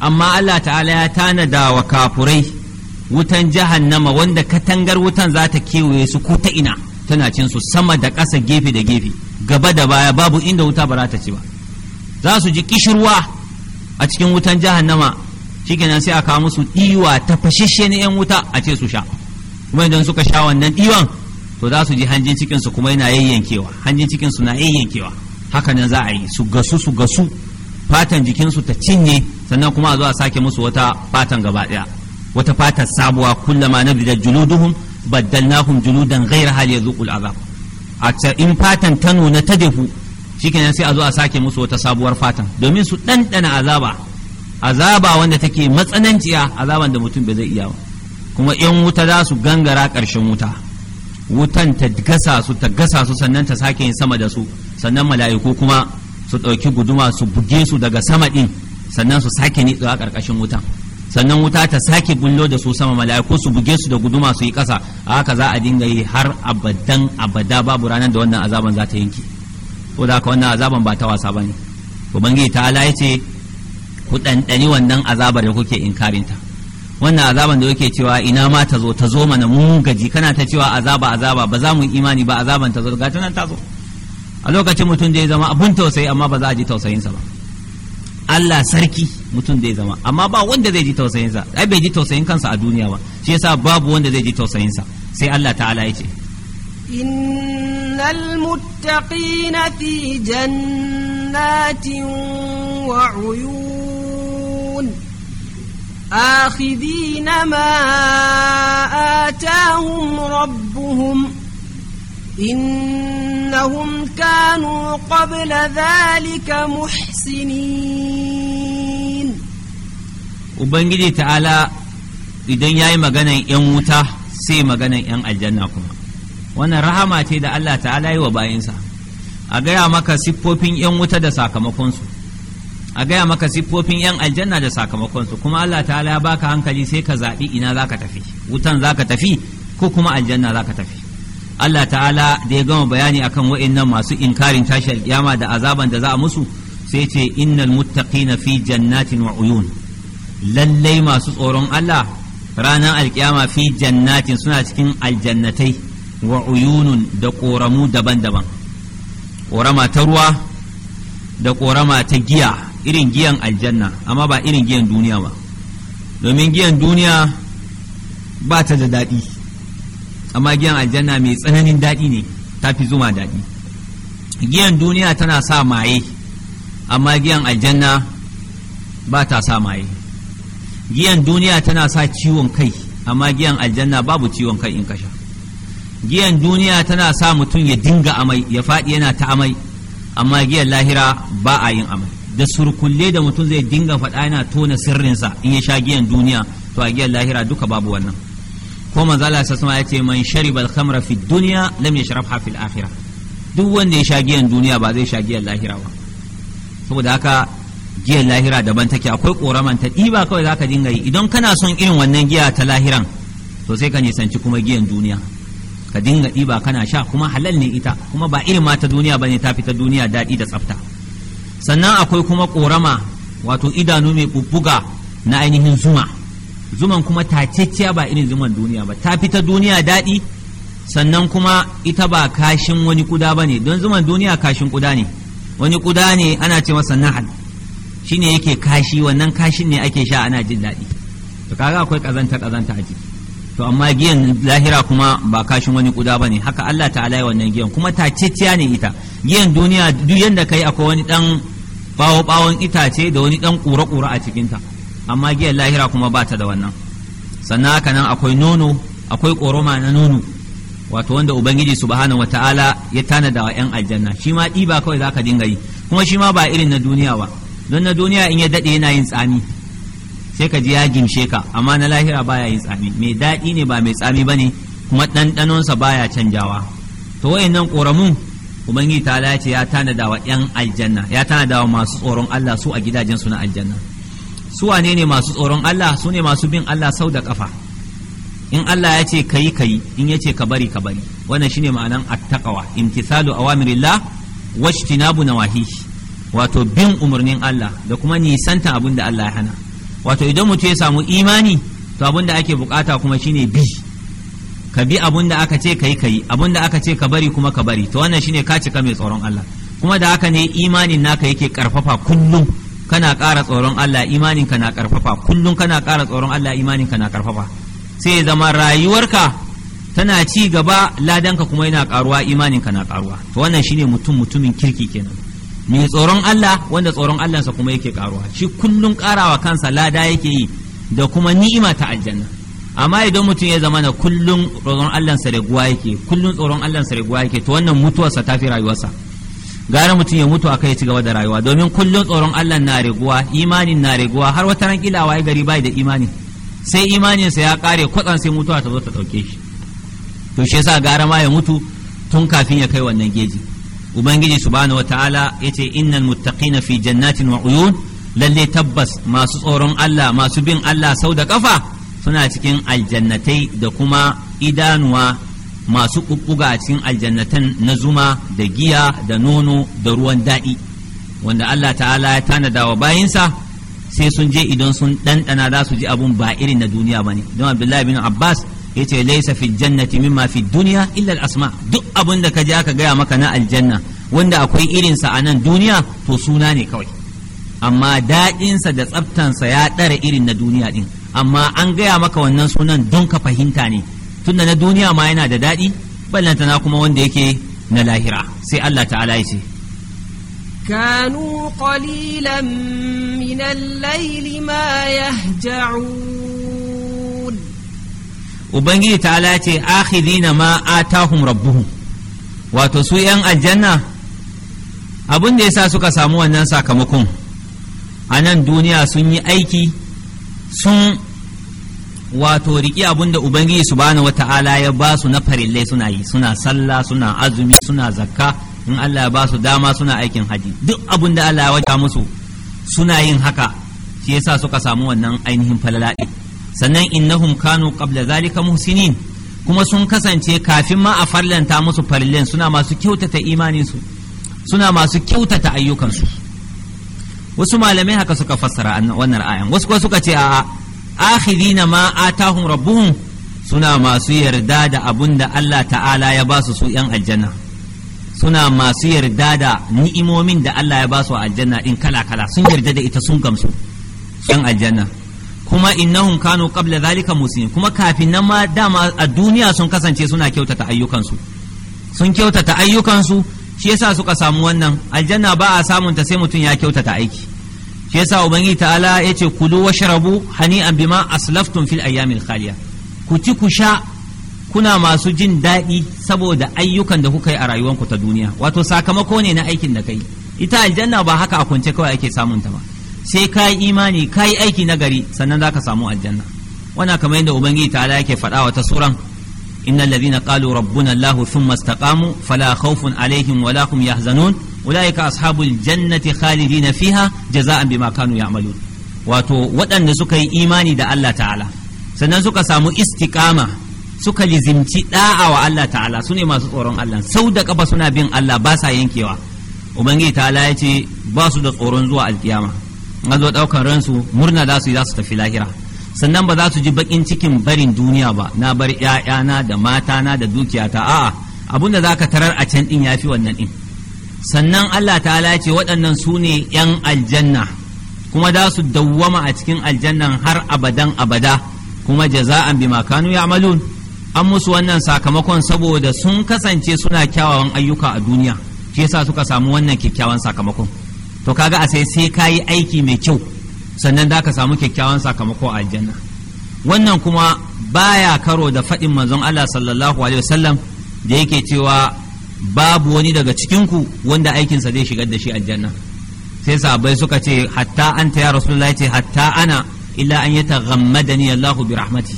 Speaker 2: amma Allah ta'ala ya tanada wa kafurai wutan jahannama wanda katangar wutan za ta kewaye su ko ta ina tana cin su sama da ƙasa gefe da gefe gaba da baya babu inda wuta ba za ta ci ba za su ji kishirwa a cikin wutan jahannama shikenan sai a kawo musu ɗiwa ta fashishe na 'yan wuta a ce su sha kuma idan suka sha wannan iwan to za su ji hanjin cikin su kuma yana yayyankewa hanjin cikin su na yayyankewa haka nan za a yi su gasu su gasu fatan jikin su ta cinye sannan kuma a zo a sake musu wata fatan gaba ɗaya wata fatan sabuwa kullama na bidar juluduhum baddalnahum juludan ghayra hal yazuqul azab a in fatan ta nuna ta dafu shikenan sai a zo a sake musu wata sabuwar fatan domin su ɗanɗana azaba azaba wanda take matsananciya azaban da mutum bai zai iya ba kuma in wuta za su gangara ƙarshen wuta wutan ta gasa su ta gasa su sannan ta sake yin sama da su sannan mala'iku kuma su ɗauki guduma su buge su daga sama ɗin sannan su sake nitsuwa ƙarƙashin wutan sannan wuta ta sake gullo da su sama mala'iku su buge su da guduma su yi ƙasa a haka za a dinga yi har abadan abada babu ranar da wannan azaban za ta yanke ko da haka wannan azaban ba ta wasa bane ubangiji ta ala yace ku dandani wannan azabar da kuke ta wannan azaban da yake cewa ina ma ta zo ta zo mana mu gaji kana ta cewa azaba azaba ba za mu imani ba azaban ta zo ga tunan ta zo a lokacin mutum da ya zama abun tausayi amma ba za a ji tausayinsa ba Allah sarki mutum zai zama amma ba wanda zai ji tausayinsa sa ai bai ji tausayin kansa a duniya ba shi yasa babu wanda zai ji tausayin sai Allah ta'ala ya ce
Speaker 1: innal muttaqina fi jannatin wa uyun akhidina ma atahum rabbuhum innahum كانوا qabla ذلك muhsini.
Speaker 2: ubangiji ta'ala idan ya yi maganan 'yan wuta sai maganan 'yan aljanna kuma wannan rahama ce da allah ta'ala yi wa bayansa a gaya maka siffofin 'yan wuta da sakamakonsu a gaya maka siffofin 'yan aljanna da sakamakonsu kuma allah ta'ala ya baka hankali sai ka zaɓi ina za ka tafi wutan za ka tafi ko kuma aljanna za ka tafi allah ta'ala da ya gama bayani akan wa'annan masu inkarin tashi alkiyama da azaban da za a musu sai ce innal muttaqina fi jannatin wa uyun lallai masu tsoron Allah ranar alkiyama fi jannatin suna cikin aljannatai wa uyunun da ƙoramu daban-daban ƙorama ta ruwa da ƙorama ta giya irin giyan aljanna amma ba irin giyan duniya ba domin giyan duniya ba ta da daɗi amma giyan aljanna mai tsananin daɗi ne ta fi zuma daɗi giyan duniya tana sa maye amma giyan aljanna ba ta sa maye giyan duniya tana sa ciwon kai amma giyan aljanna babu ciwon kai in kasha giyan duniya tana sa mutum ya dinga amai ya faɗi yana ta amai amma giyan lahira ba a yin amai da surkulle da mutum zai dinga faɗa yana tona sirrinsa in ya sha giyan duniya to a giyan lahira duka babu wannan ko manzala sa sama ya ce man shariba al-khamra fi dunya lam yashrabha fil akhirah duk wanda ya sha giyan duniya ba zai sha giyan lahira ba saboda haka giyar lahira daban take akwai koraman ta ɗiba kawai za ka dinga yi idan kana son irin wannan giya ta lahiran to sai ka nisanci kuma giyan duniya ka dinga ɗiba kana sha kuma halal ne ita kuma ba irin ta duniya bane ta fita duniya daɗi da tsafta sannan akwai kuma korama wato idanu mai bubbuga na ainihin zuma zuman kuma tacecciya ba irin zuman duniya ba ta fita duniya daɗi sannan kuma ita ba kashin wani kuda bane don zuman duniya kashin kuda ne wani kuda ne ana ce masa nahal ne yake kashi wannan kashin ne ake sha ana jin daɗi to kaga akwai kazanta kazanta a ciki to amma giyan lahira kuma ba kashin wani kuda ba ne haka Allah ta'ala ya wannan giyan kuma taciciya ne ita giyan duniya duk yanda kai akwai wani dan bawo bawon itace da wani dan kura kura a cikin ta amma giyan lahira kuma ba ta da wannan sannan haka nan akwai nono akwai koroma na nono wato wanda ubangiji subhanahu wata'ala ya tanada wa yan aljanna shi ma ɗiba kawai zaka dinga yi kuma shi ma ba irin na duniya ba don na duniya in ya daɗe yana yin tsami sai ka ji ya gimshe ka amma na lahira baya yin tsami mai daɗi ne ba mai tsami ba ne kuma ɗanɗanonsa baya canjawa to wayannan ƙoramun ubangiji ta ce ya tanada wa ƴan aljanna ya tanada wa masu tsoron Allah su a gidajensu na aljanna su wane ne masu tsoron Allah su ne masu bin Allah sau da kafa in Allah ya ce kayi kayi in ya ce ka bari ka bari wannan shine ma'anan attaqwa imtisalu awamirillah wajtinabu nawahihi wato bin umarnin Allah da kuma nisanta abin da Allah ya hana wato idan mutu ya samu imani to abin da ake bukata kuma shine bi ka bi abin da aka ce ka yi ka yi abin da aka ce ka bari kuma ka bari to wannan shine ka cika mai tsoron Allah kuma da haka ne imanin naka yake karfafa kullum kana ƙara tsoron Allah imanin ka na karfafa kullum kana ƙara tsoron Allah imanin ka na karfafa sai zama rayuwarka tana ci gaba ladanka kuma yana karuwa imanin ka na karuwa to wannan shine mutum mutumin kirki kenan mai tsoron Allah wanda tsoron sa kuma yake karuwa shi kullun karawa kansa lada yake yi da kuma ni'ima ta aljanna amma idan mutum ya zama na kullun tsoron Allahnsa raguwa yake kullun tsoron Allahnsa raguwa yake to wannan mutuwarsa ta fi rayuwarsa gara mutum ya mutu akai ya ci gaba da rayuwa domin kullun tsoron Allah na raguwa imanin na raguwa har wata ran kila wai gari bai da imani sai imaninsa ya kare kwatsan sai mutuwa ta zo ta dauke shi to shi yasa gara ma ya mutu tun kafin ya kai wannan geji ubangiji subhanahu wataala yace innal muttaqina fi jannatin wa uyun lalle tabbas masu tsoron Allah masu bin Allah sau da kafa suna cikin aljannatai da kuma idanuwa masu kukkuga a cikin aljannatan na zuma da giya da nono da ruwan daɗi wanda Allah ta'ala ya tanada wa bayinsa sai sun je idan sun ɗanɗana za su ji abun ba irin na duniya ba ne don abdullahi bin abbas yace laysa fi jannati mimma fi dunya illa al asma duk abin da ka je aka gaya maka na aljanna wanda akwai irin sa a nan duniya to suna ne kawai amma daɗinsa da tsaftansa ya ɗara irin na duniya din amma an gaya maka wannan sunan don ka fahimta ne tunda na duniya ma yana da daɗi ballantana kuma wanda yake na lahira sai Allah ta'ala ya ce
Speaker 1: kanu qalilan min al-layli ma yahja'un
Speaker 2: ubangiji ta'ala ce akhidina ma atahum rabbuhu wato su yan aljanna abin da ya sa suka samu wannan sakamakon a nan duniya sun yi aiki sun wato riki abin da ubangiji wata wata'ala ya ba su na farillai suna yi suna sallah suna azumi suna zakka in Allah ya ba su dama suna aikin haji duk abin da Allah ya wata musu suna yin haka shi yasa suka samu wannan ainihin falala sannan innahum kanu qabla zalika muhsinin kuma sun kasance kafin ma a farlanta musu farillen suna masu kyautata imaninsu suna masu kyautata ayyukansu wasu malamai haka suka fassara wannan ayan wasu kuma suka ce a akhidina ma atahum rabbuhum suna masu yarda da abun da Allah ta'ala ya basu su su yan aljanna suna masu yarda da ni'imomin da Allah ya basu a aljanna din kala kala sun yarda da ita sun gamsu yan aljanna kuma innahum kanu qabla zalika muslimin kuma kafin nan ma dama a duniya sun kasance suna kyautata ayyukansu sun kyautata ayyukansu shi yasa suka samu wannan aljanna ba a samun ta sai mutum ya kyautata aiki shi yasa ubangiji ta'ala yace kulu washrabu hani'an bima aslaftum fil ayyamil khaliya ku ci ku sha kuna masu jin daɗi saboda ayyukan da kuka yi a rayuwanku ta duniya wato sakamako ne na aikin da kai ita aljanna ba haka a kwance kawai ake samun ta ba sai ka yi imani ka yi aiki nagari sannan za ka samu aljanna wana kamar yadda ubangiji ta yake faɗa wa ta suran إن الذين قالوا ربنا الله ثم استقاموا فلا خوف عليهم ولا هم يحزنون أولئك أصحاب الجنة خالدين فيها جزاء بما كانوا يعملون wato waɗanda suka yi imani da Allah ta'ala sannan suka samu istikama suka lizimci ɗa'a wa Allah ta'ala su ne masu tsoron Allah sau da ƙafa suna bin Allah ba sa yankewa ubangiji ta'ala ya ce ba su da tsoron zuwa alkiyama an zo ɗaukar ransu murna za su yi za su tafi lahira sannan ba za su ji bakin cikin barin duniya ba na bar ƴaƴana da matana da dukiyata a'a abun da zaka tarar a can din yafi wannan din sannan Allah ta'ala ce waɗannan su ne ƴan aljanna kuma za su dawwama a cikin aljannan har abadan abada kuma jaza'an bima kanu ya'malun an musu wannan sakamakon saboda sun kasance suna kyawawan ayyuka a duniya shi yasa suka samu wannan kyakkyawan sakamakon to kaga a sai sai ka yi aiki mai kyau sannan za ka samu kyakkyawan sakamako a aljanna wannan kuma baya karo da faɗin manzon Allah sallallahu alaihi wasallam da yake cewa babu wani daga cikinku wanda aikinsa zai shigar da shi aljanna sai sahabbai suka ce hatta anta ya rasulullahi ce hatta ana illa an yataghammadani Allahu bi rahmati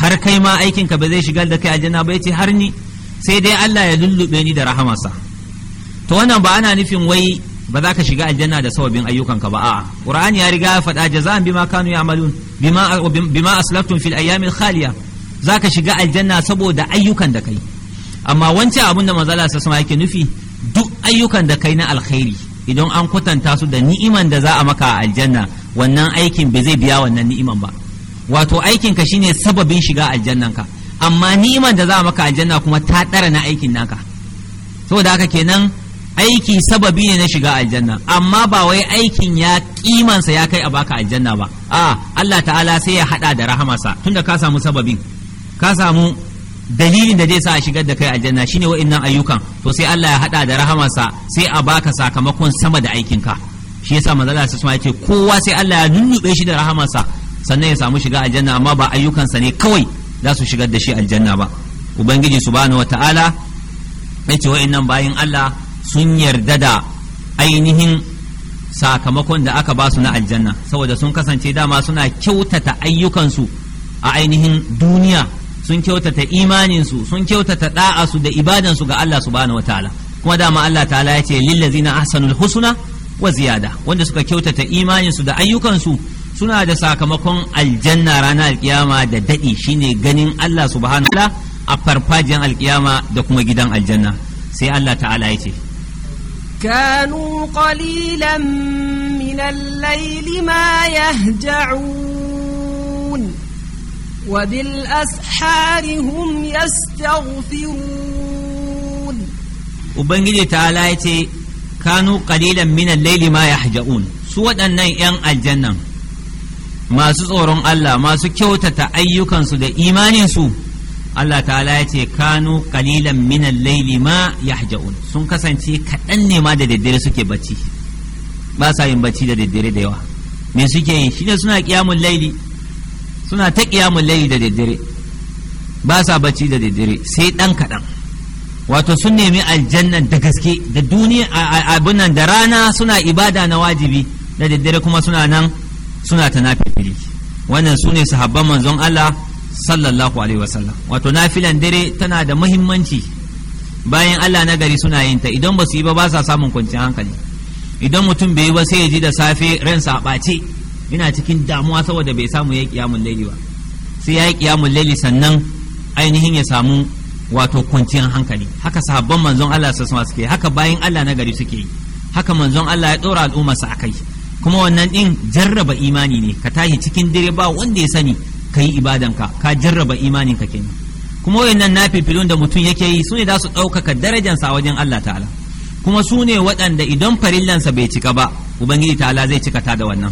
Speaker 2: har kai ma aikinka ba zai shigar da kai aljanna ba yace har ni sai dai Allah ya lullube ni da rahamarsa to wannan ba ana nufin wai ba za ka shiga aljanna da sawabin ayyukanka ba a'a qur'ani ya riga ya faɗa jaza'an bima kanu ya'malun bima bima aslaftum fil ayyamil khaliya za ka shiga aljanna saboda ayyukan da kai amma wancan abin da manzala sa sama yake nufi duk ayyukan da kai na alkhairi idan an kwatanta su da ni'iman da za a maka a aljanna wannan aikin bai zai biya wannan ni'iman ba wato aikin ka shine sababin shiga aljannan ka amma ni'iman da za a maka aljanna kuma ta ɗara na aikin naka saboda haka kenan aiki sababi ne na shiga aljanna amma ba wai aikin ya kimansa ya kai a baka aljanna ba a Allah ta'ala sai ya hada da rahamarsa tunda ka samu sababin ka samu dalilin da zai sa a shigar da kai aljanna shine wa'annan ayyukan to sai Allah ya hada da rahamarsa sai a baka sakamakon sama da aikin ka shi yasa manzo Allah sai ya kowa sai Allah ya nunnube shi da rahamarsa sannan ya samu shiga aljanna amma ba ayyukansa ne kawai za su shigar da shi aljanna ba ubangiji subhanahu wataala yace wa'annan bayin Allah sun yarda da ainihin sakamakon da aka ba su na aljanna saboda sun kasance dama suna kyautata ayyukansu a ainihin duniya sun kyautata imaninsu sun kyautata da'asu da ibadansu ga Allah subhanahu wataala kuma dama Allah ta'ala ya ce lillazina ahsanul husna wa ziyada wanda suka kyautata imaninsu da ayyukansu suna da sakamakon aljanna ranar alkiyama da daɗi shine ganin Allah subhanahu wataala a farfajiyar alkiyama da kuma gidan aljanna sai Allah ta'ala ya ce
Speaker 1: كانوا قليلا من الليل ما يهجعون وبالأسحار هم يستغفرون
Speaker 2: وبنجد تعالى كانوا قليلا من الليل ما يهجعون سوى أن ين الجنة ما الله ما Allah masu kyautata ayyukansu da imaninsu Allah ta'ala ya ce kanu kalilan minan laili ma ma yahja'un sun kasance kaɗan ne ma da daddare suke bacci ba sa yin bacci da daddare da yawa me suke yi ne suna qiyamul laili suna ta qiyamul laili da daddare ba sa bacci da daddare sai ɗan kaɗan wato sun nemi aljannan da gaske da duniya abin nan da rana suna ibada na wajibi da daddare kuma suna nan suna ta nafili wannan su ne sahabban manzon Allah sallallahu alaihi wasallam wato nafilan dare tana da muhimmanci bayan Allah na gari suna yin ta idan ba su yi ba ba sa samun kwanciyar hankali idan mutum bai yi ba sai ya ji da safe ransa a ɓace yana cikin damuwa saboda bai samu ya yi kiyamun laili ba sai ya yi kiyamun laili sannan ainihin ya samu wato kwanciyar hankali haka sahabban manzon Allah su suke haka bayan Allah na gari suke yi haka manzon Allah ya ɗora al'ummarsa a kai kuma wannan din jarraba imani ne ka tashi cikin dire ba wanda ya sani ka yi ibadanka ka jarraba imaninka kenan kuma wayannan nafifilun da mutum yake yi su ne za su ɗaukaka darajansa a wajen Allah ta'ala kuma su ne waɗanda idan farillansa bai cika ba ubangiji ta'ala zai cika ta da wannan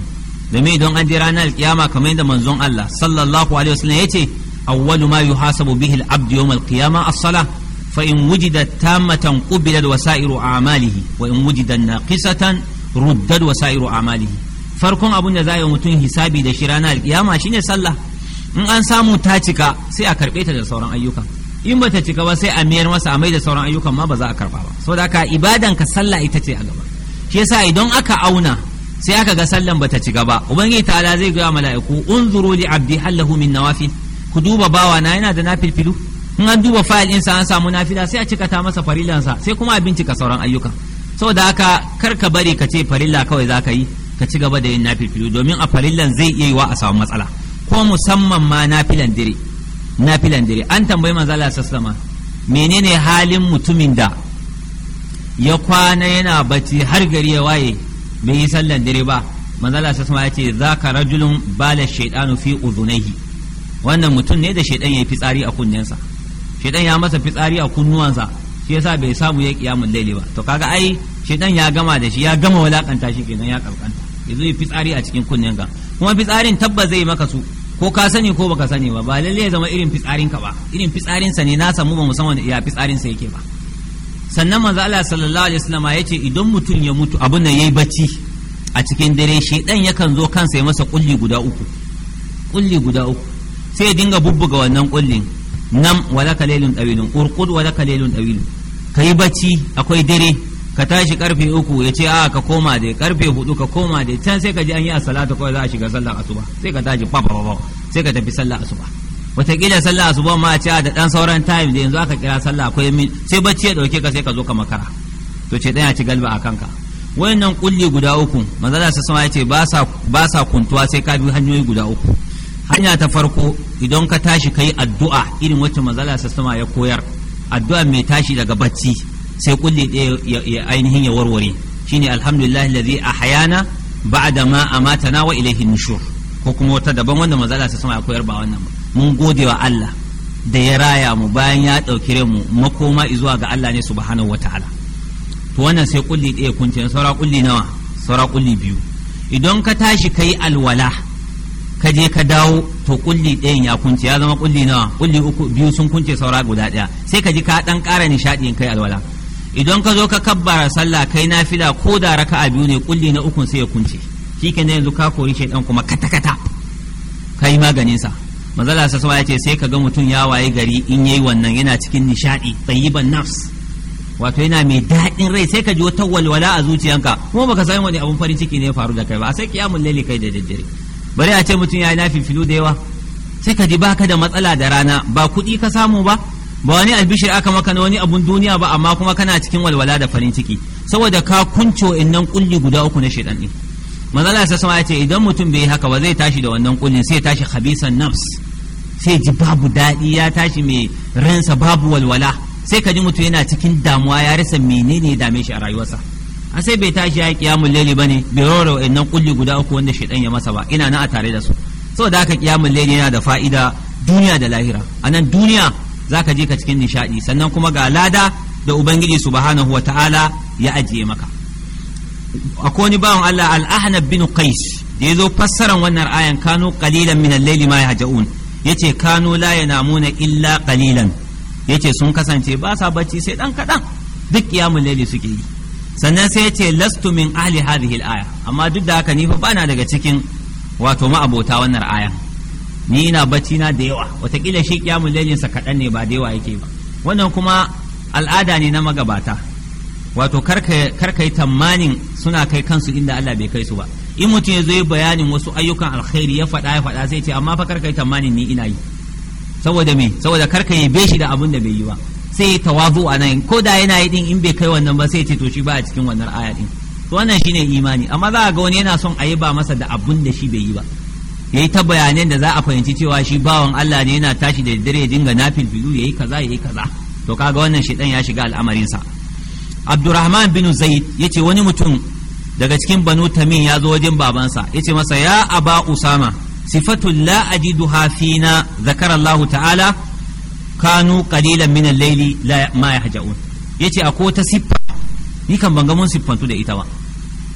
Speaker 2: domin idan an je ranar alkiyama kamar yadda manzon Allah sallallahu alaihi wasallam yace awwalu ma yuhasabu bihi al-abdu yawm al sala. as-salah fa in wujidat tammatan qubilat wasairu a'malihi wa in wujidat naqisatan ruddad wasairu a'malihi farkon abun da za yi mutum hisabi da shi ranar alkiyama shine sallah in an samu ta cika sai a karɓe ta da sauran ayyukan in ba ta cika ba sai a miyar masa a mai da sauran ayyukan ma ba za a karba ba saboda haka ibadan ka sallah ita ce a gaba shi yasa idan aka auna sai aka ga sallan ba ta cika ba ubangiji ta'ala zai ga mala'iku unzuru li abdi hallahu min nawafil ku duba bawa na yana da nafilfilu in an duba fayil ɗinsa an samu nafila sai a cika ta masa farilansa sai kuma a bincika sauran ayyukan saboda haka kar ka bari ka ce farilla kawai za ka yi ka ci gaba da yin nafilfilu domin a farillan zai iya yiwa a samu matsala ko musamman ma nafilan dire nafilan dire an tambayi manzala sassama menene halin mutumin da ya kwana yana bacci har gari ya waye bai yi sallan dire ba manzala sassama ya ce za rajulun bala shaidanu fi uzunaihi wannan mutum ne da shaidan ya yi fitsari a kunnensa shaidan ya masa fitsari a kunnuwansa shi yasa bai samu ya kiyamun laili ba to kaga ai shaidan ya gama da shi ya gama walakanta shi kenan ya kalkanta yanzu zo fitsari a cikin kunnen ka kuma fitsarin tabbas zai maka su ko ka sani ko baka sani ba ba lalle ya zama irin fitsarin ka ba irin fitsarin sa ne na samu ba musamman ya fitsarin sa yake ba sannan manzo Allah sallallahu alaihi wasallam ya ce idan mutum ya mutu abun nan yayi bacci a cikin dare shedan yakan zo kansa ya masa kulli guda uku kulli guda uku sai ya dinga bubbuga wannan kullin nam walaka laylun dawilun urqud walaka laylun dawilun kai bacci akwai dare ka tashi karfe uku ya ce a ka koma dai karfe hudu ka koma dai can sai ka ji an yi asalata salata kawai za a shiga sallar asuba sai ka tashi pa sai ka tafi sallar asuba wataƙila sallar asuba ma a ce da ɗan sauran time da yanzu aka kira sallah akwai min sai bacci ya ɗauke ka sai ka zo ka makara to ce ɗaya ya ci galba a kanka wayannan kulli guda uku manzala sa sama yace ce ba sa kuntuwa sai ka bi hanyoyi guda uku hanya ta farko idan ka tashi ka yi addu'a irin wacce manzala sa sama ya koyar addu'a mai tashi daga bacci sai kulli ɗaya ya ainihin ya warware shine alhamdulillah allazi ahyana ba'da ma amatana wa ilayhi nushur ko kuma wata daban wanda manzo Allah sama ya koyar ba wannan ba mun gode wa Allah da ya raya mu bayan ya ɗauki mu makoma zuwa ga Allah ne subhanahu wataala to wannan sai kulli ɗaya kunce saura kulli nawa saura kulli biyu idan ka tashi kai alwala ka je ka dawo to kulli ɗayan ya kunce ya zama kulli nawa kulli uku biyu sun kunce saura guda ɗaya sai ka ji ka ɗan ƙara nishaɗi in kai alwala idan ka zo ka kabbara sallah kai na fila ko da raka a biyu ne kulli na ukun sai ya kunce na yanzu ka kori shi dan kuma kata kata kai maganin sa mazala sa sama yace sai ka ga mutum ya waye gari in yayi wannan yana cikin nishadi tayyiban nafs wato yana mai daɗin rai sai ka ji wata walwala a zuciyanka kuma baka san wani abun farin ciki ne ya faru da kai ba sai kiyamul laili kai da daddare bari a ce mutum ya yi filu da yawa sai ka ji baka da matsala da rana ba kuɗi ka samu ba ba wani albishir aka maka na wani abun duniya ba amma kuma kana cikin walwala da farin ciki saboda ka kunco innan kulli guda uku na shaidan din manzala sai ya ce idan mutum bai haka ba zai tashi da wannan kullin sai tashi khabisan nafs sai ji babu daɗi ya tashi mai ransa babu walwala sai ka ji mutum yana cikin damuwa ya rasa menene ya dame shi a rayuwarsa a sai bai tashi ya kiyamul laili bane bai rora wa'annan kulli guda uku wanda shaidan ya masa ba ina na a tare da su saboda haka kiyamul laili yana da fa'ida duniya da lahira anan duniya za ka je ka cikin nishaɗi sannan kuma ga lada da ubangiji subhanahu wa ta'ala ya ajiye maka akwai wani bawan Allah al-ahnab bin qais da yazo fassaran wannan ayan kanu qalilan min al-layli ma yahjaun yace kanu la yanamuna illa qalilan yace sun kasance ba sa bacci sai dan kadan duk qiyamul layli suke yi sannan sai yace lastu min ahli hadhihi al-aya amma duk da haka ni fa bana daga cikin wato ma'abota wannan ayan ni ina bacci na da yawa watakila shi mu lailin sa kaɗan ne ba da yawa yake ba wannan kuma al'ada ne na magabata wato karka yi tamanin suna kai kansu inda Allah bai kai su ba in mutum ya zo yi bayanin wasu ayyukan alkhairi ya faɗa ya faɗa sai ce amma fa karka yi tamanin ni ina yi saboda me saboda karka yi shi da abin da bai yi ba sai ya tawazu a nan ko da yana yi din in bai kai wannan ba sai ce to shi ba a cikin wannan aya din to wannan shine imani amma za a ga wani yana son a yi ba masa da abun da shi bai yi ba ya yi ta bayanan da za a fahimci cewa shi bawan Allah ne yana tashi da dare ya dinga nafil filu ya yi kaza ya yi kaza to kaga wannan shaidan ya shiga al'amarinsa abdurrahman bin zaid ya ce wani mutum daga cikin banu ya zo wajen babansa ya ce masa ya aba usama sifatun la ajiduha fina zakara allahu ta'ala kanu qalilan min al-layli la ma yahja'un yace akwai ta siffa ni kan ban ga mun siffantu da ita ba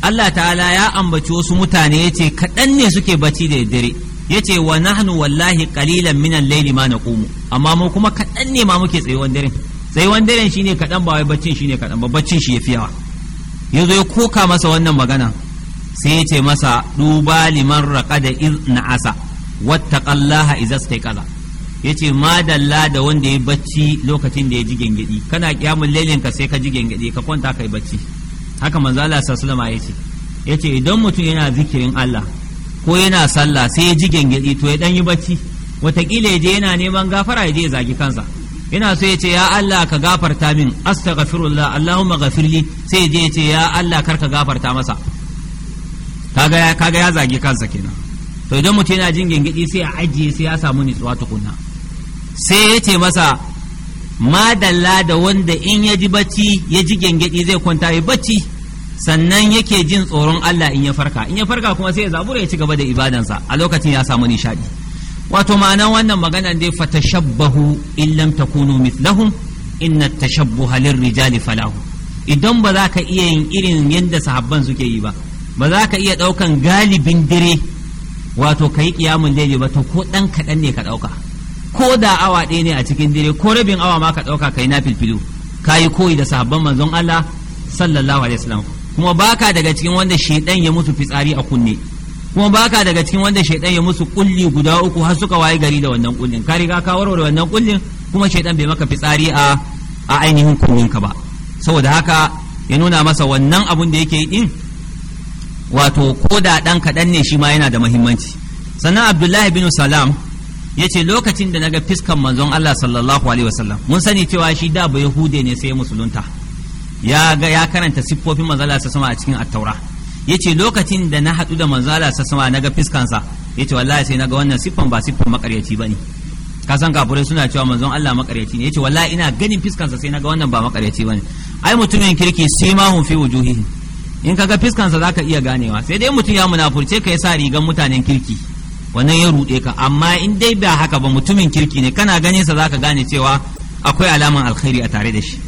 Speaker 2: Allah ta'ala ya ambaci wasu mutane ya ce kaɗan ne suke bacci da dare ya ce wa nahnu wallahi ƙalilan minan laili ma na komo. amma mu kuma kaɗan ne ma muke tsayuwan daren tsayuwan daren ne kaɗan ba wai baccin shi ne kaɗan ba baccin shi ya fi yawa Ya zo ya koka masa wannan magana sai ya ce masa duba liman da iz na'asa wattaqallaha kai kaza ya ce madalla da wanda ya bacci lokacin da ya ji gengedi kana ƙyamun lailin ka sai ka ji gengedi ka kwanta ka yi bacci haka manzo Allah sallallahu alaihi wasallam yace yace idan mutum yana zikirin Allah ko yana sallah sai ya ji gengedi to ya dan yi bacci watakila ya je yana neman gafara ya je ya zagi kansa yana so ya ce ya Allah ka gafarta min astaghfirullah Allahumma ghafirli sai ya je ya ce ya Allah kar ka gafarta masa kaga ya kaga ya zagi kansa kenan to idan mutum yana jin gengedi sai ya ajiye sai ya samu nutsuwa tukunna sai ya ce masa madalla da wanda in ya ji bacci ya ji gyangyaɗi zai kwanta ya bacci sannan yake jin tsoron Allah in ya farka in ya farka kuma sai ya zabura ya ci gaba da ibadansa a lokacin ya samu nishadi wato ma'ana wannan maganan dai fatashabbahu in takunu mithlahum inna tashabbuha lirrijali falahu idan ba za ka iya yin irin yadda sahabban suke yi ba ba za ka iya ɗaukan galibin dire wato ka yi ƙiyamun daidai ba ta ko ɗan kaɗan ne ka ɗauka ko da awa ɗaya ne a cikin dare ko rabin awa ma ka ɗauka kai na filfilo ka yi koyi da sahabban manzon Allah sallallahu alaihi wasallam kuma baka daga cikin wanda shaidan ya musu fitsari a kunne kuma baka daga cikin wanda shaidan ya musu kulli guda uku har suka waye gari da wannan kullin ka riga ka warware wannan kullin kuma shaidan bai maka fitsari a a ainihin ka ba saboda haka ya nuna masa wannan abun da yake yi din wato ko da dan kadan ne shi ma yana da muhimmanci sannan abdullahi bin salam yace lokacin da naga fiskan manzon Allah sallallahu alaihi wasallam mun sani cewa shi da ba yahude ne sai musulunta ya ga ya karanta siffofin manzon Allah sallallahu alaihi a cikin at-taura yace lokacin da na hadu da manzon Allah sallallahu alaihi wasallam naga fiskansa yace wallahi sai naga wannan siffan ba siffan makaryaci bane ka san kafurai suna cewa manzon Allah makaryaci ne yace wallahi ina ganin fiskansa sai naga wannan ba makaryaci bane ai mutumin kirki sai ma hun fi wujuhihi in kaga fiskansa zaka iya ganewa sai dai mutum ya munafurce ka sa rigan mutanen kirki wannan ya ruɗe ka amma in dai ba haka ba mutumin kirki ne kana ganin sa zaka gane cewa akwai alaman alkhairi a tare da shi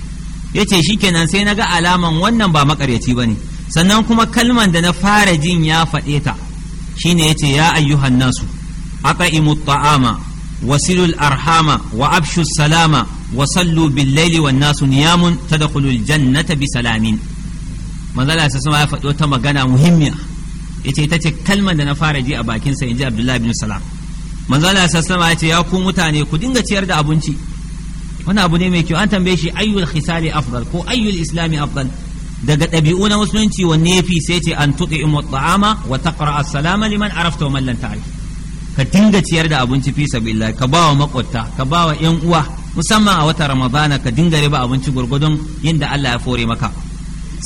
Speaker 2: yace shikenan sai naga alaman wannan ba makaryaci bane sannan kuma kalman da na fara jin ya faɗe ta shine yace ya ayyuhan nasu aqimut ta'ama wasilul arhama wa abshu salama wa sallu bil laili wan nasu niyamun tadkhulul jannata bi salamin manzala sai ya faɗo ta magana muhimmiya yace ita ce kalmar da na fara ji a bakin sa inji Abdullahi bin Salam manzo Allah sallallahu ce ya ku mutane ku dinga ciyar da abinci wani abu ne mai kyau an tambaye shi ayyul khisali afdal ko ayyul islami afdal daga ɗabi'u na musulunci wanne yafi sai ce an tuqi ta'ama wa taqra as-salama liman arafta wa man lam ta'rif ka dinga ciyar da abinci fi sabilillah ka bawa makwabta ka bawa yan uwa musamman a wata ramadana ka dinga riba abinci gurgudun yadda Allah ya fore maka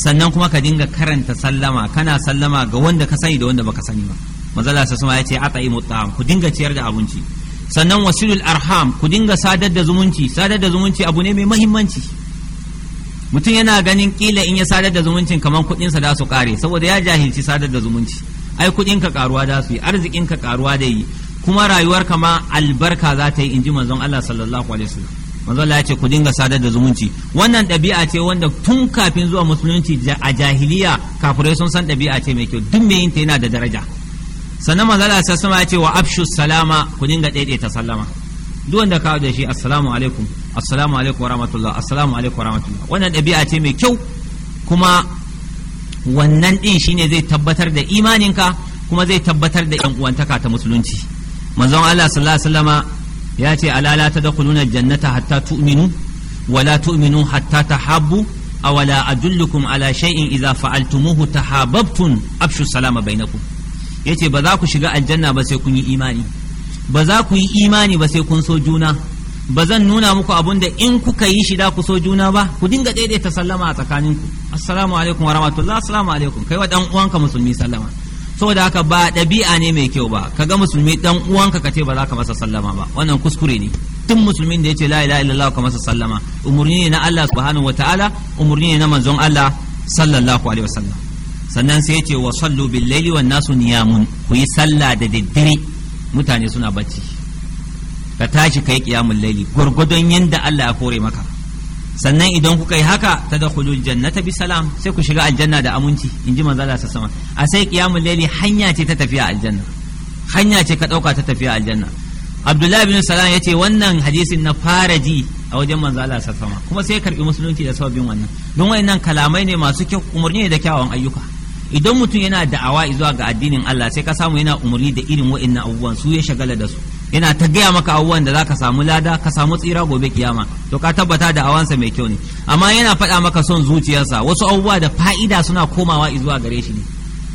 Speaker 2: sannan kuma ka dinga karanta sallama kana sallama ga wanda ka sani da wanda baka sani ba mazala sa suma yace ata imu ta'am ku dinga ciyar da abinci sannan wasilul arham ku dinga sadar da zumunci sadar da zumunci abu ne mai muhimmanci. mutum yana ganin kila in ya sadar da zumuncin kamar kudin sa da su kare saboda ya jahilci sadar da zumunci ai kudin ka karuwa da su yi arzikin ka karuwa da yi kuma rayuwar ma albarka za ta yi inji manzon Allah sallallahu alaihi wasallam manzo Allah ya ce ku dinga sadar da zumunci wannan ɗabi'a ce wanda tun kafin zuwa musulunci a jahiliya kafirai sun san ɗabi'a ce mai kyau duk mai yinta yana da daraja sannan manzo Allah sama ya ce wa afshu salama ku dinga daidaita sallama duk wanda ka da shi assalamu alaikum assalamu alaikum wa rahmatullah assalamu alaikum wa rahmatullah wannan ɗabi'a ce mai kyau kuma wannan din shine zai tabbatar da imaninka kuma zai tabbatar da yan uwantaka ta musulunci manzon Allah sallallahu alaihi wasallama ya ce alala ta kulunar jannata hatta tu'minu wala tu'minu hatta tahabbu a wala adullukum ala shay'in idza fa'altumuhu tahabbtum abshu salama bainakum yace ba za ku shiga aljanna ba sai kun yi imani ba za ku yi imani ba sai kun so juna ba zan nuna muku abun da in kuka yi shi da ku so juna ba ku dinga daidaita sallama a tsakaninku assalamu alaikum wa rahmatullah assalamu alaikum kai wa dan uwanka musulmi sallama saboda haka ba ɗabi'a ne mai kyau ba kaga musulmi dan uwanka ka ce ba za ka masa sallama ba wannan kuskure ne tun musulmin da ya ce la ilaha illallah ka masa sallama umurni ne na Allah subhanahu wataala umurni ne na manzon Allah sallallahu alaihi wasallam sannan sai ya ce wa sallu bil laili wan nasu niyamun ku yi sallah da daddare mutane suna bacci ka tashi kai qiyamul laili gurgudun yanda Allah ya kore maka sannan idan kuka yi haka ta da jannata bi salam sai ku shiga aljanna da aminci in ji manzala sa sama a sai qiyamul layli hanya ce ta tafiya aljanna hanya ce ka dauka ta tafiya aljanna abdullahi bin salam ce wannan hadisin na fara ji a wajen manzala sa sama kuma sai karbi musulunci da sababin wannan don wayannan kalamai ne masu kyau umarni ne da kyawawan ayyuka idan mutum yana da'awa zuwa ga addinin Allah sai ka samu yana umarni da irin wayannan abubuwan su ya shagala da su yana ta gaya maka abubuwan da za ka samu lada ka samu tsira gobe kiyama to ka tabbata da awansa mai kyau ne amma yana faɗa maka son zuciyarsa wasu abubuwa da fa'ida suna komawa zuwa gare shi ne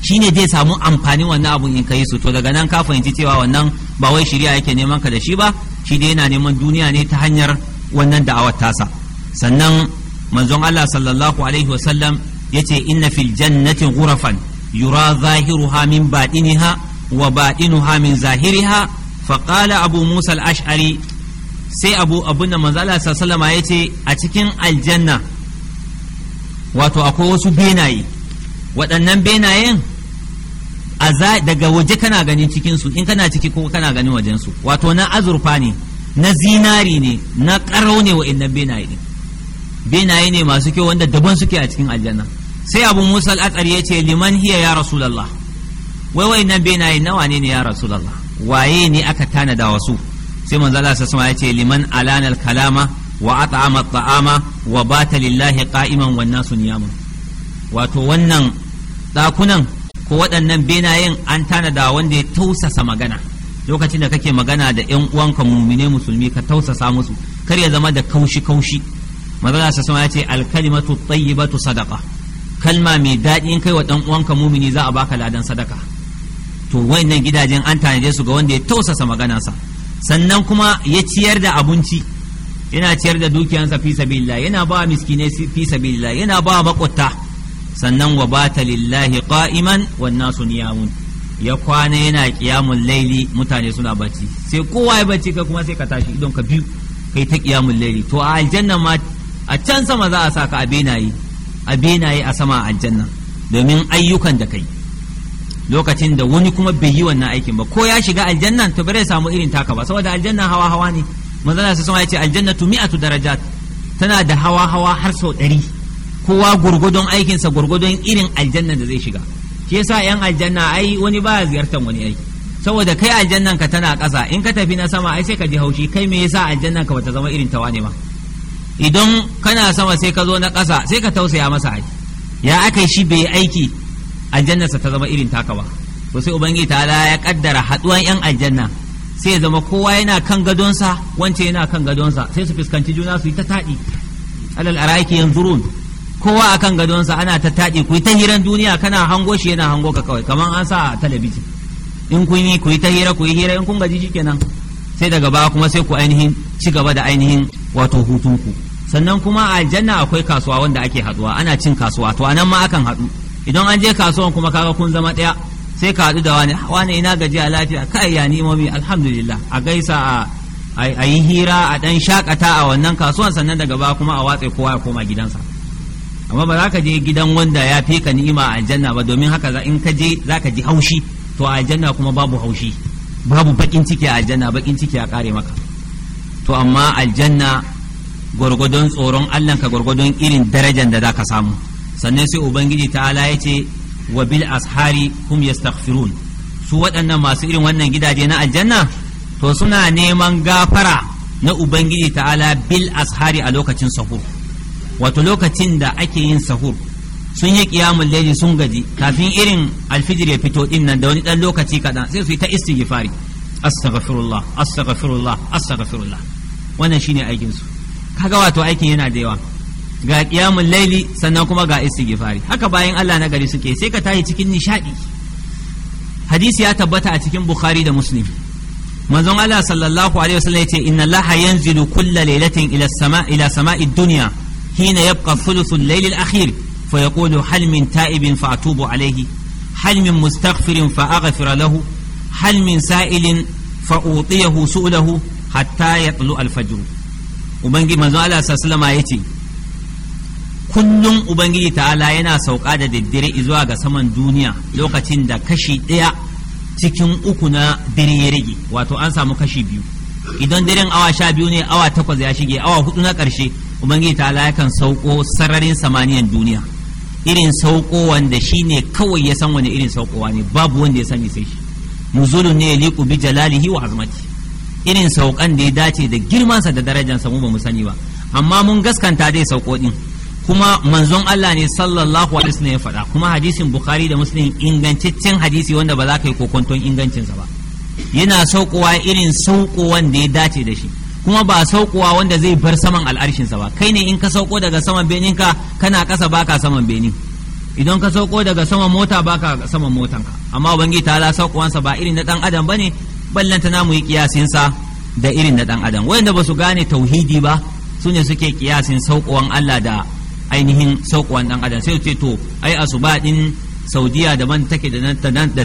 Speaker 2: shi ne zai samu amfani wannan abun in kai su to daga nan ka fahimci cewa wannan ba wai shirya yake neman ka da shi ba shi dai yana neman duniya ne ta hanyar wannan da'awar tasa sannan manzon Allah sallallahu alaihi wasallam yace inna fil jannati ghurafan yura zahiruha min batiniha wa batinuha min zahiriha faƙala abu musa al'ash'ari sai abu abun da manzala sallama ya ce a cikin aljanna wato akwai wasu benaye waɗannan benayen daga waje kana ganin cikinsu in kana ciki ko kana ganin wajensu wato na azurfa ne na zinari ne na ƙaro ne innan benaye ne benaye ne masu kyau wanda daban suke a cikin aljanna sai abu musa al'atsari ya ce liman hiya ya rasulallah wai wa'innan benaye nawa ne ya rasulallah waye ne aka tanada wasu sai manzo Allah sallallahu alaihi ya liman alana kalama wa at'ama at wa bata lillahi qa'iman wan nasu niyama wato wannan dakunan ko waɗannan benayen an tanada wanda ya tausasa magana lokacin da kake magana da ƴan uwanka mumine musulmi ka tausasa musu kar ya zama da kaushi kaushi manzo Allah sallallahu alaihi ya tayyibatu sadaqa kalma mai daɗi in kai wa ɗan uwanka mumini za a baka ladan sadaka to wayannan gidajen an tanaje su ga wanda ya tausasa maganarsa sannan kuma ya ciyar da abinci yana ciyar da dukiyansa fi sabilillah yana ba miskinai fi sabilillah yana ba makwata sannan wa bata lillahi qa'iman wan nasu niyamun ya kwana yana qiyamul laili mutane suna bacci sai kowa ya bacci ka kuma sai ka tashi idon ka biyu kai ta qiyamul laili to a aljanna ma a can sama za a saka a benaye a benaye a sama aljanna domin ayyukan da kai lokacin da wani kuma bai yi wannan aikin ba ko ya shiga aljanna to bare samu irin taka ba saboda aljanna hawa hawa ne manzon sa sama ya ce aljannatu mi'atu darajat tana da hawa hawa har sau ɗari kowa aikin aikinsa gurgudon irin aljannan da zai shiga shi yasa yan aljanna ai wani ba ziyartar wani aiki saboda kai aljannan ka tana ƙasa in ka tafi na sama ai sai ka ji haushi kai me yasa aljannan ka bata zama irin ta wane ba idan kana sama sai ka zo na ƙasa sai ka tausaya masa ai ya akai shi bai aiki aljannarsa ta zama irin taka ba to sai ubangiji ta'ala ya kaddara haduwan yan aljanna sai zama kowa yana kan gadonsa wance yana kan gadonsa sai su fuskanci juna su yi ta taɗi alal araiki yanzurun kowa akan gadonsa ana ta taɗi ku yi ta hiran duniya kana hango shi yana hango ka kawai kamar an sa a talabijin in kun yi ku yi ta hira ku yi hira in kun gaji shikenan sai daga baya kuma sai ku ainihin ci gaba da ainihin wato hutunku sannan kuma aljanna akwai kasuwa wanda ake haduwa ana cin kasuwa to anan ma akan haɗu idan an je kasuwan kuma kaga kun zama ɗaya sai ka haɗu da wani wani ina gajiya lafiya kai ya mi alhamdulillah a gaisa a yi hira a ɗan shakata a wannan kasuwan sannan daga ba kuma a watse kowa ya koma gidansa amma ba za ka je gidan wanda ya fi ka ni'ima a aljanna ba domin haka in ka je za ka ji haushi to a aljanna kuma babu haushi babu bakin ciki a aljanna bakin ciki a kare maka to amma aljanna gwargwadon tsoron allah ka gwargwadon irin darajar da za ka samu sannan sai ubangiji ta'ala ya ce wa bil ashari hum yastaghfirun su waɗannan masu irin wannan gidaje na aljanna to suna neman gafara na ubangiji ta'ala bil ashari a lokacin sahur wato lokacin da ake yin sahur sun yi kiyamun laili sun gaji kafin irin alfijir ya fito din nan da wani dan lokaci kaɗan sai su yi ta istighfari astaghfirullah astaghfirullah astaghfirullah wannan shine aikin su kaga wato aikin yana da yawa ga qiyamul laili sannan kuma ga istighfari haka bayan Allah na gari suke sai ka tashi cikin nishadi hadisi ya tabbata a cikin bukhari da muslim manzon Allah sallallahu alaihi wasallam yace inna Allah yanzilu kulla lailatin ila sama ila sama'i dunya hina yabqa thuluthu al-layl al-akhir fa yaqulu hal min ta'ibin fa atubu alayhi hal min mustaghfirin fa aghfir lahu hal min sa'ilin fa utiyahu su'lahu hatta yatlu al-fajr ubangi manzon Allah sallallahu alaihi wasallam yace kullum ubangiji ta'ala yana sauka da daddare zuwa ga saman duniya lokacin da kashi ɗaya cikin uku na dare ya rage wato an samu kashi biyu idan daren awa sha biyu ne awa takwas ya shige awa hudu na ƙarshe ubangiji ta'ala yakan sauko sararin samaniyan duniya irin sauko wanda ne kawai ya san wani irin saukowa ne babu wanda ya sani sai shi Muzulun ne liku bi jalalihi wa azmati irin saukan da ya dace da girmansa da darajansa mu ba mu sani ba amma mun gaskanta dai sauko din kuma manzon Allah ne sallallahu alaihi wasallam ya faɗa kuma hadisin bukhari da muslim ingantaccen hadisi wanda ba za ka yi kokonton sa ba yana saukowa irin saukowan da ya dace da shi kuma ba saukowa wanda zai bar saman sa ba kai ne in ka sauko daga saman ka kana kasa baka saman benin idan ka sauko daga saman mota baka saman motanka amma bangi ta saukowansa ba irin na dan adam bane ballanta namu yi kiyasinsa da irin na dan adam wanda ba su gane tauhidi ba sune suke kiyasin saukowan Allah da ainihin saukowan ɗan adam sai ce to ai asuba ɗin saudiya daban take da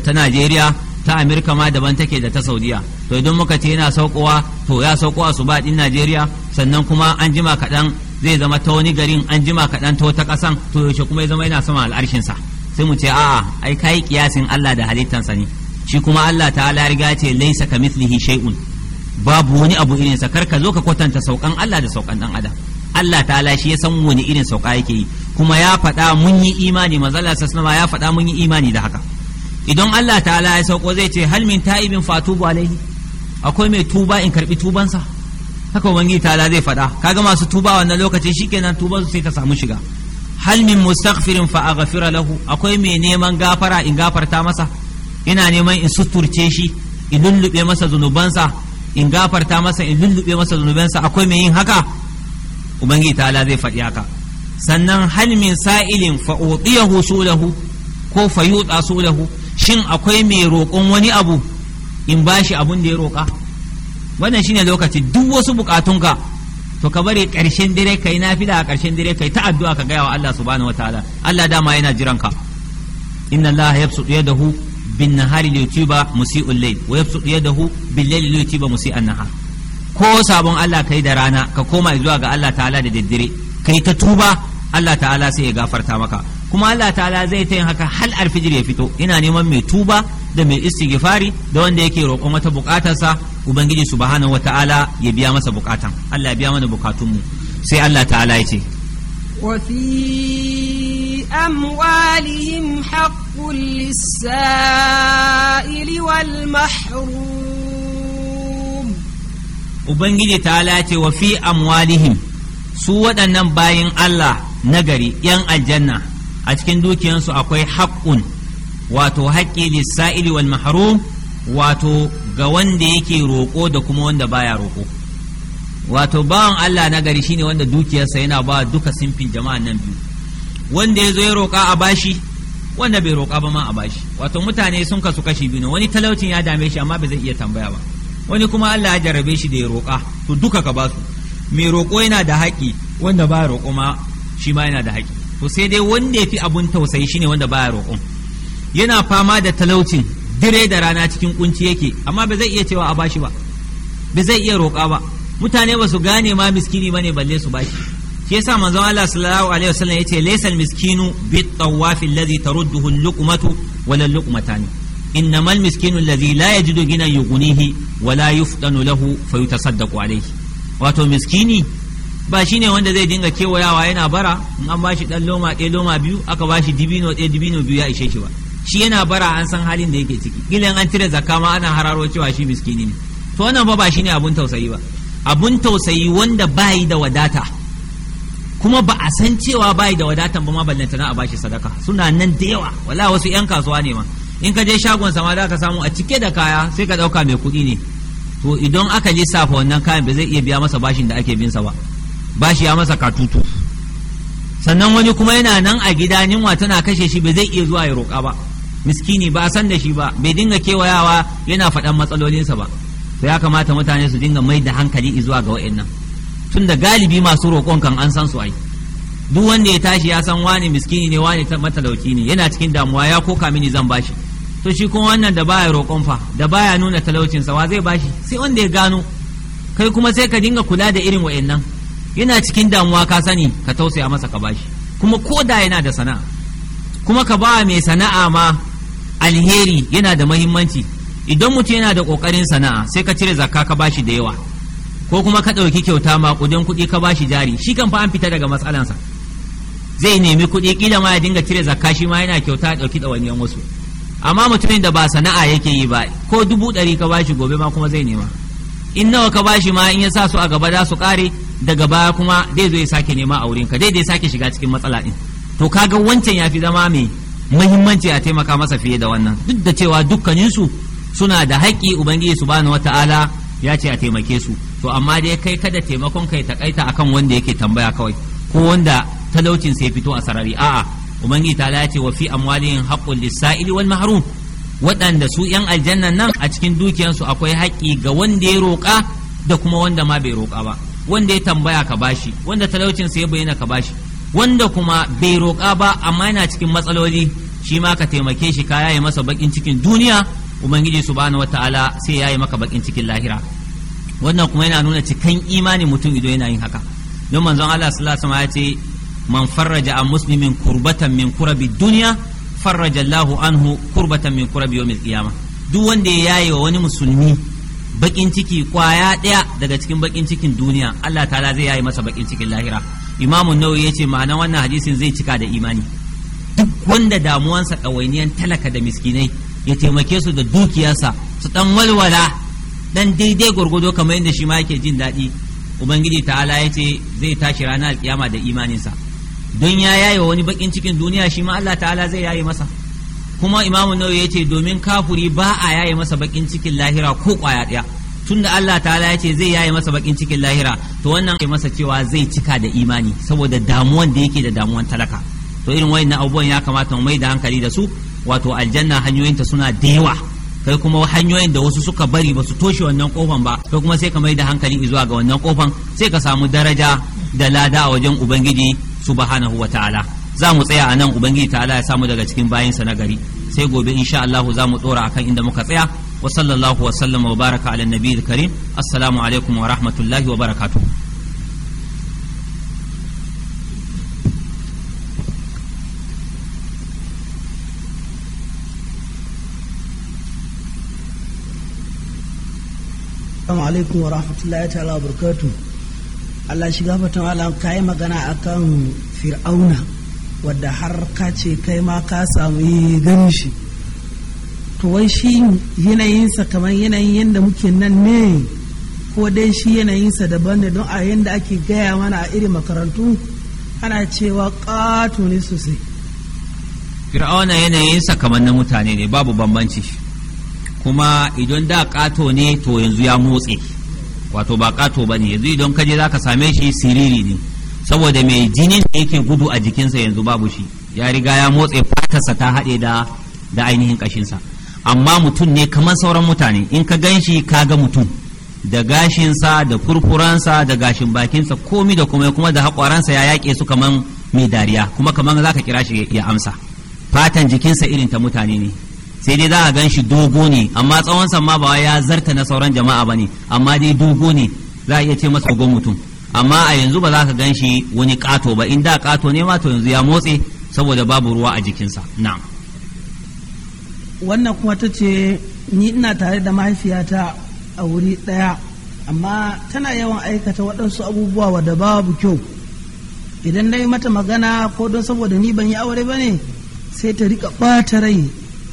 Speaker 2: ta najeriya ta amurka ma daban take da ta saudiya to idan muka ce yana saukowa to ya sauko a din najeriya sannan kuma an jima kaɗan zai zama ta wani garin an jima kaɗan ta wata ƙasan to yaushe kuma ya zama yana sama al'arshinsa sai mu ce a'a ai kai kiyasin Allah da halittansa ne shi kuma Allah ta'ala ala riga ce laisa kamithlihi shay'un babu wani abu irinsa kar ka zo ka kwatanta saukan Allah da saukan ɗan adam Allah ta'ala shi ya san wani irin sauka yake yi kuma ya faɗa mun yi imani manzala sassanama ya faɗa mun yi imani da haka idan Allah ta'ala ya sauko zai ce hal min ta'ibin fatubu alaihi akwai mai tuba in karbi tubansa haka ubangiji ta'ala zai faɗa kaga masu tuba wannan lokacin shikenan tuban su sai ta samu shiga hal min mustaghfirin fa aghfira lahu akwai mai neman gafara in gafarta masa ina neman in suturce shi in lullube masa zunubansa in gafarta masa in lullube masa zunubansa akwai mai yin haka ubangiji tala zai faɗi haka sannan hal min sa'ilin fa utiyahu sulahu ko fa yuta sulahu shin akwai mai roƙon wani abu in bashi abun da ya roƙa wannan shine lokaci duk wasu bukatunka to ka bari ƙarshen dare kai nafila a ƙarshen dare kai ta addu'a ka gaya wa Allah subhanahu wataala Allah dama yana jiran ka inna Allah yabsutu yadahu bin nahari liyutiba musii'ul layl wa yabsutu yadahu bil layli liyutiba musii'an nahar ko sabon Allah kai da rana ka koma zuwa ga Allah ta'ala da daddare kai ta tuba Allah ta'ala sai ya gafarta maka kuma Allah ta'ala zai ta yin haka hal alfijir ya fito ina neman mai tuba da mai istighfari da wanda yake roƙon wata buƙatarsa ubangiji subhanahu wata'ala ya biya masa buƙatan Allah ya biya mana buƙatunmu sai Allah ta'ala ya ce
Speaker 1: وفي أموالهم حق للسائل والمحروم
Speaker 2: ubangiji ta ce wa fi amwalihim su waɗannan bayin Allah nagari yan aljanna a cikin dukiyansu akwai haƙƙun wato haƙƙi lissa'ili wal mahrum wato ga wanda yake roƙo da kuma wanda baya roƙo wato bawan Allah nagari shine wanda dukiyarsa yana ba duka simfin jama'an nan biyu wanda ya zo ya roƙa a bashi wanda bai roƙa ba ma a bashi wato mutane sun kasu kashi biyu ne wani talaucin ya dame shi amma bai zai iya tambaya ba wani kuma Allah ya jarabe shi da ya roƙa to duka ka basu mai roƙo yana da haƙƙi wanda ba roƙo ma shi ma yana da haƙƙi to sai dai wanda ya fi abun tausayi shine wanda ba roƙon yana fama da talaucin dire da rana cikin kunci yake amma ba zai iya cewa a bashi ba ba zai iya roƙa ba mutane ba su gane ma miskini bane balle su bashi shi yasa manzon Allah sallallahu alaihi wasallam yace laysal miskinu bit tawafil ladhi tarudduhu al-luqmatu wala al-luqmatani innamal miskinu lazila ya yajidu ginan yughnihi wala yuftanu lahu fayutasaddaqu alayhi wato miskini ba ne wanda zai dinga kewayawa yana bara in an bashi dan loma ɗaya loma biyu aka bashi dibino ɗaya dibino biyu ya ishe shi ba shi yana bara an san halin da yake ciki gidan an tire zakka ma ana hararo cewa shi miskini ne to wannan ba ba ne abun tausayi ba abun tausayi wanda yi da wadata kuma ba a san cewa yi da wadatan ba ma ballantana a bashi sadaka suna nan da yawa wala wasu yan kasuwa ne ma in ka je shagon sama da ka samu a cike da kaya sai ka ɗauka mai kuɗi ne to idan aka lissafa wannan kayan ba zai iya biya masa bashin da ake bin sa ba bashi ya masa katutu sannan wani kuma yana nan a gida yunwa tana kashe shi ba zai iya zuwa ya roƙa ba miskini ba san da shi ba bai dinga kewayawa yana faɗan matsalolinsa ba to ya kamata mutane su dinga mai da hankali zuwa ga wa'annan tun da galibi masu roƙon kan an san su ai duk wanda ya tashi ya san wani miskini ne wani matalauci ne yana cikin damuwa ya koka mini zan bashi to shi kuma wannan da baya roƙon fa da baya nuna talaucinsa wa zai bashi sai wanda ya gano kai kuma sai ka dinga kula da irin wa'annan yana cikin damuwa ka sani ka tausaya masa ka bashi kuma ko da yana da sana'a kuma ka ba mai sana'a ma alheri yana da mahimmanci idan mutum yana da ƙoƙarin sana'a sai ka cire zakka ka bashi da yawa ko kuma ka ɗauki kyauta ma kudin kuɗi ka bashi jari shi kan fa an fita daga matsalansa zai nemi kuɗi kila ma ya dinga cire zakka shi ma yana kyauta ya ɗauki ɗawainiyar wasu amma mutumin da ba sana'a yake yi ba ko dubu ɗari ka bashi gobe ma kuma zai nema in nawa ka bashi ma in ya sa su a gaba za su ƙare daga baya kuma zai zo ya sake nema a wurinka dai dai sake shiga cikin matsala din. to kaga wancan ya fi zama mai muhimmanci a taimaka masa fiye da wannan duk da cewa dukkaninsu suna da haƙƙi ubangiji subhanahu wata'ala ya ce a taimake su to amma dai kai kada taimakon kai takaita akan wanda yake tambaya kawai ko wanda talaucin sai fito a sarari a'a ubangiji ta ce wa fi amwalihim haqqul lis-sa'ili wal mahrum waɗanda su yan aljanna nan a cikin dukiyansu akwai haƙƙi ga wanda ya roƙa da kuma wanda ma bai roƙa ba wanda ya tambaya ka bashi wanda talaucin sa ya bayyana ka bashi wanda kuma bai roƙa ba amma yana cikin matsaloli shi ma ka taimake shi ka yaye masa bakin cikin duniya ubangiji subhanahu wataala sai yi maka bakin cikin lahira wannan kuma yana nuna cikan imani mutum ido yana yin haka don manzon Allah sallallahu alaihi wasallam ya ce man farraja a muslimin kurbatan min kurabi duniya farraja Allahu anhu kurbatan min kurabi yawmil qiyama duk wanda ya yaye wa wani musulmi bakin ciki kwaya daya daga cikin bakin cikin duniya Allah ta'ala zai yayi masa bakin cikin lahira imamu nawawi yace ma'ana wannan hadisin zai cika da imani duk wanda sa kawainiyan talaka da miskinai ya taimake su da dukiyarsa su dan walwala dan daidai gwargwado kamar yadda shi ma yake jin daɗi ubangiji ta'ala ya ce zai tashi ranar alkiyama da imaninsa don ya yaye wani bakin cikin duniya shi ma Allah ta'ala zai yaye masa kuma imamu ya ce domin kafuri ba a yaye masa bakin cikin lahira ko kwaya tun da Allah ta'ala ya ce zai yaye masa bakin cikin lahira to wannan ya masa cewa zai cika da imani saboda damuwan da yake da damuwan talaka to irin wayannan abubuwan ya kamata mu mai da hankali da su wato aljanna hanyoyinta suna da yawa kai kuma hanyoyin da wasu suka bari ba su toshe wannan kofan ba kai kuma sai ka mai da hankali zuwa ga wannan kofan sai ka samu daraja da lada a wajen ubangiji subhanahu wa ta'ala za mu tsaya a nan ubangiji ta'ala ya samu daga cikin bayansa na gari sai gobe insha Allah za mu dora akan inda muka tsaya wa sallallahu wa sallama wa baraka ala nabiyil karim assalamu alaikum wa rahmatullahi wa barakatuh
Speaker 3: Assalamu alaikum wa rahmatullahi ta'ala wa Allah shiga fatan Allah ka yi magana a kan fir'auna wadda har ka ce kai ma ka samu ganin shi to wai shi yanayinsa kamar yanayin yadda muke nan ne ko dai shi yanayinsa daban da don a yadda ake gaya mana a irin makarantu ana cewa ƙato ne sosai
Speaker 2: fir'auna yanayinsa kamar na mutane ne babu bambanci kuma idan da ƙato ne to yanzu ya motse wato ba kato ba ne yanzu idan kaje za ka same shi siriri ne saboda mai jinin da yake gudu a jikinsa yanzu babu shi ya riga ya motse fatarsa ta haɗe da da ainihin kashinsa. amma mutum ne kamar sauran mutane in ka gan shi ka ga mutum da gashinsa da furfuransa da gashin bakinsa komi da komai kuma da haƙwaransa ya yaƙe su kamar mai dariya kuma kamar zaka kira shi ya amsa fatan jikinsa irin ta mutane ne sai dai za a gan shi dogo ne amma tsawon ma ba ya zarta na sauran jama'a ba ne amma dai dogo ne za a iya ce masa dogon mutum amma a yanzu ba za ka gan shi wani kato ba in da kato ne ma to yanzu ya motse saboda babu ruwa a jikinsa na'am
Speaker 3: wannan kuma ta ce ni ina tare da mahaifiyata a wuri daya amma tana yawan aikata waɗansu abubuwa wadda babu kyau idan na yi mata magana ko don saboda ni ban yi aure ba ne sai ta rika ɓata rai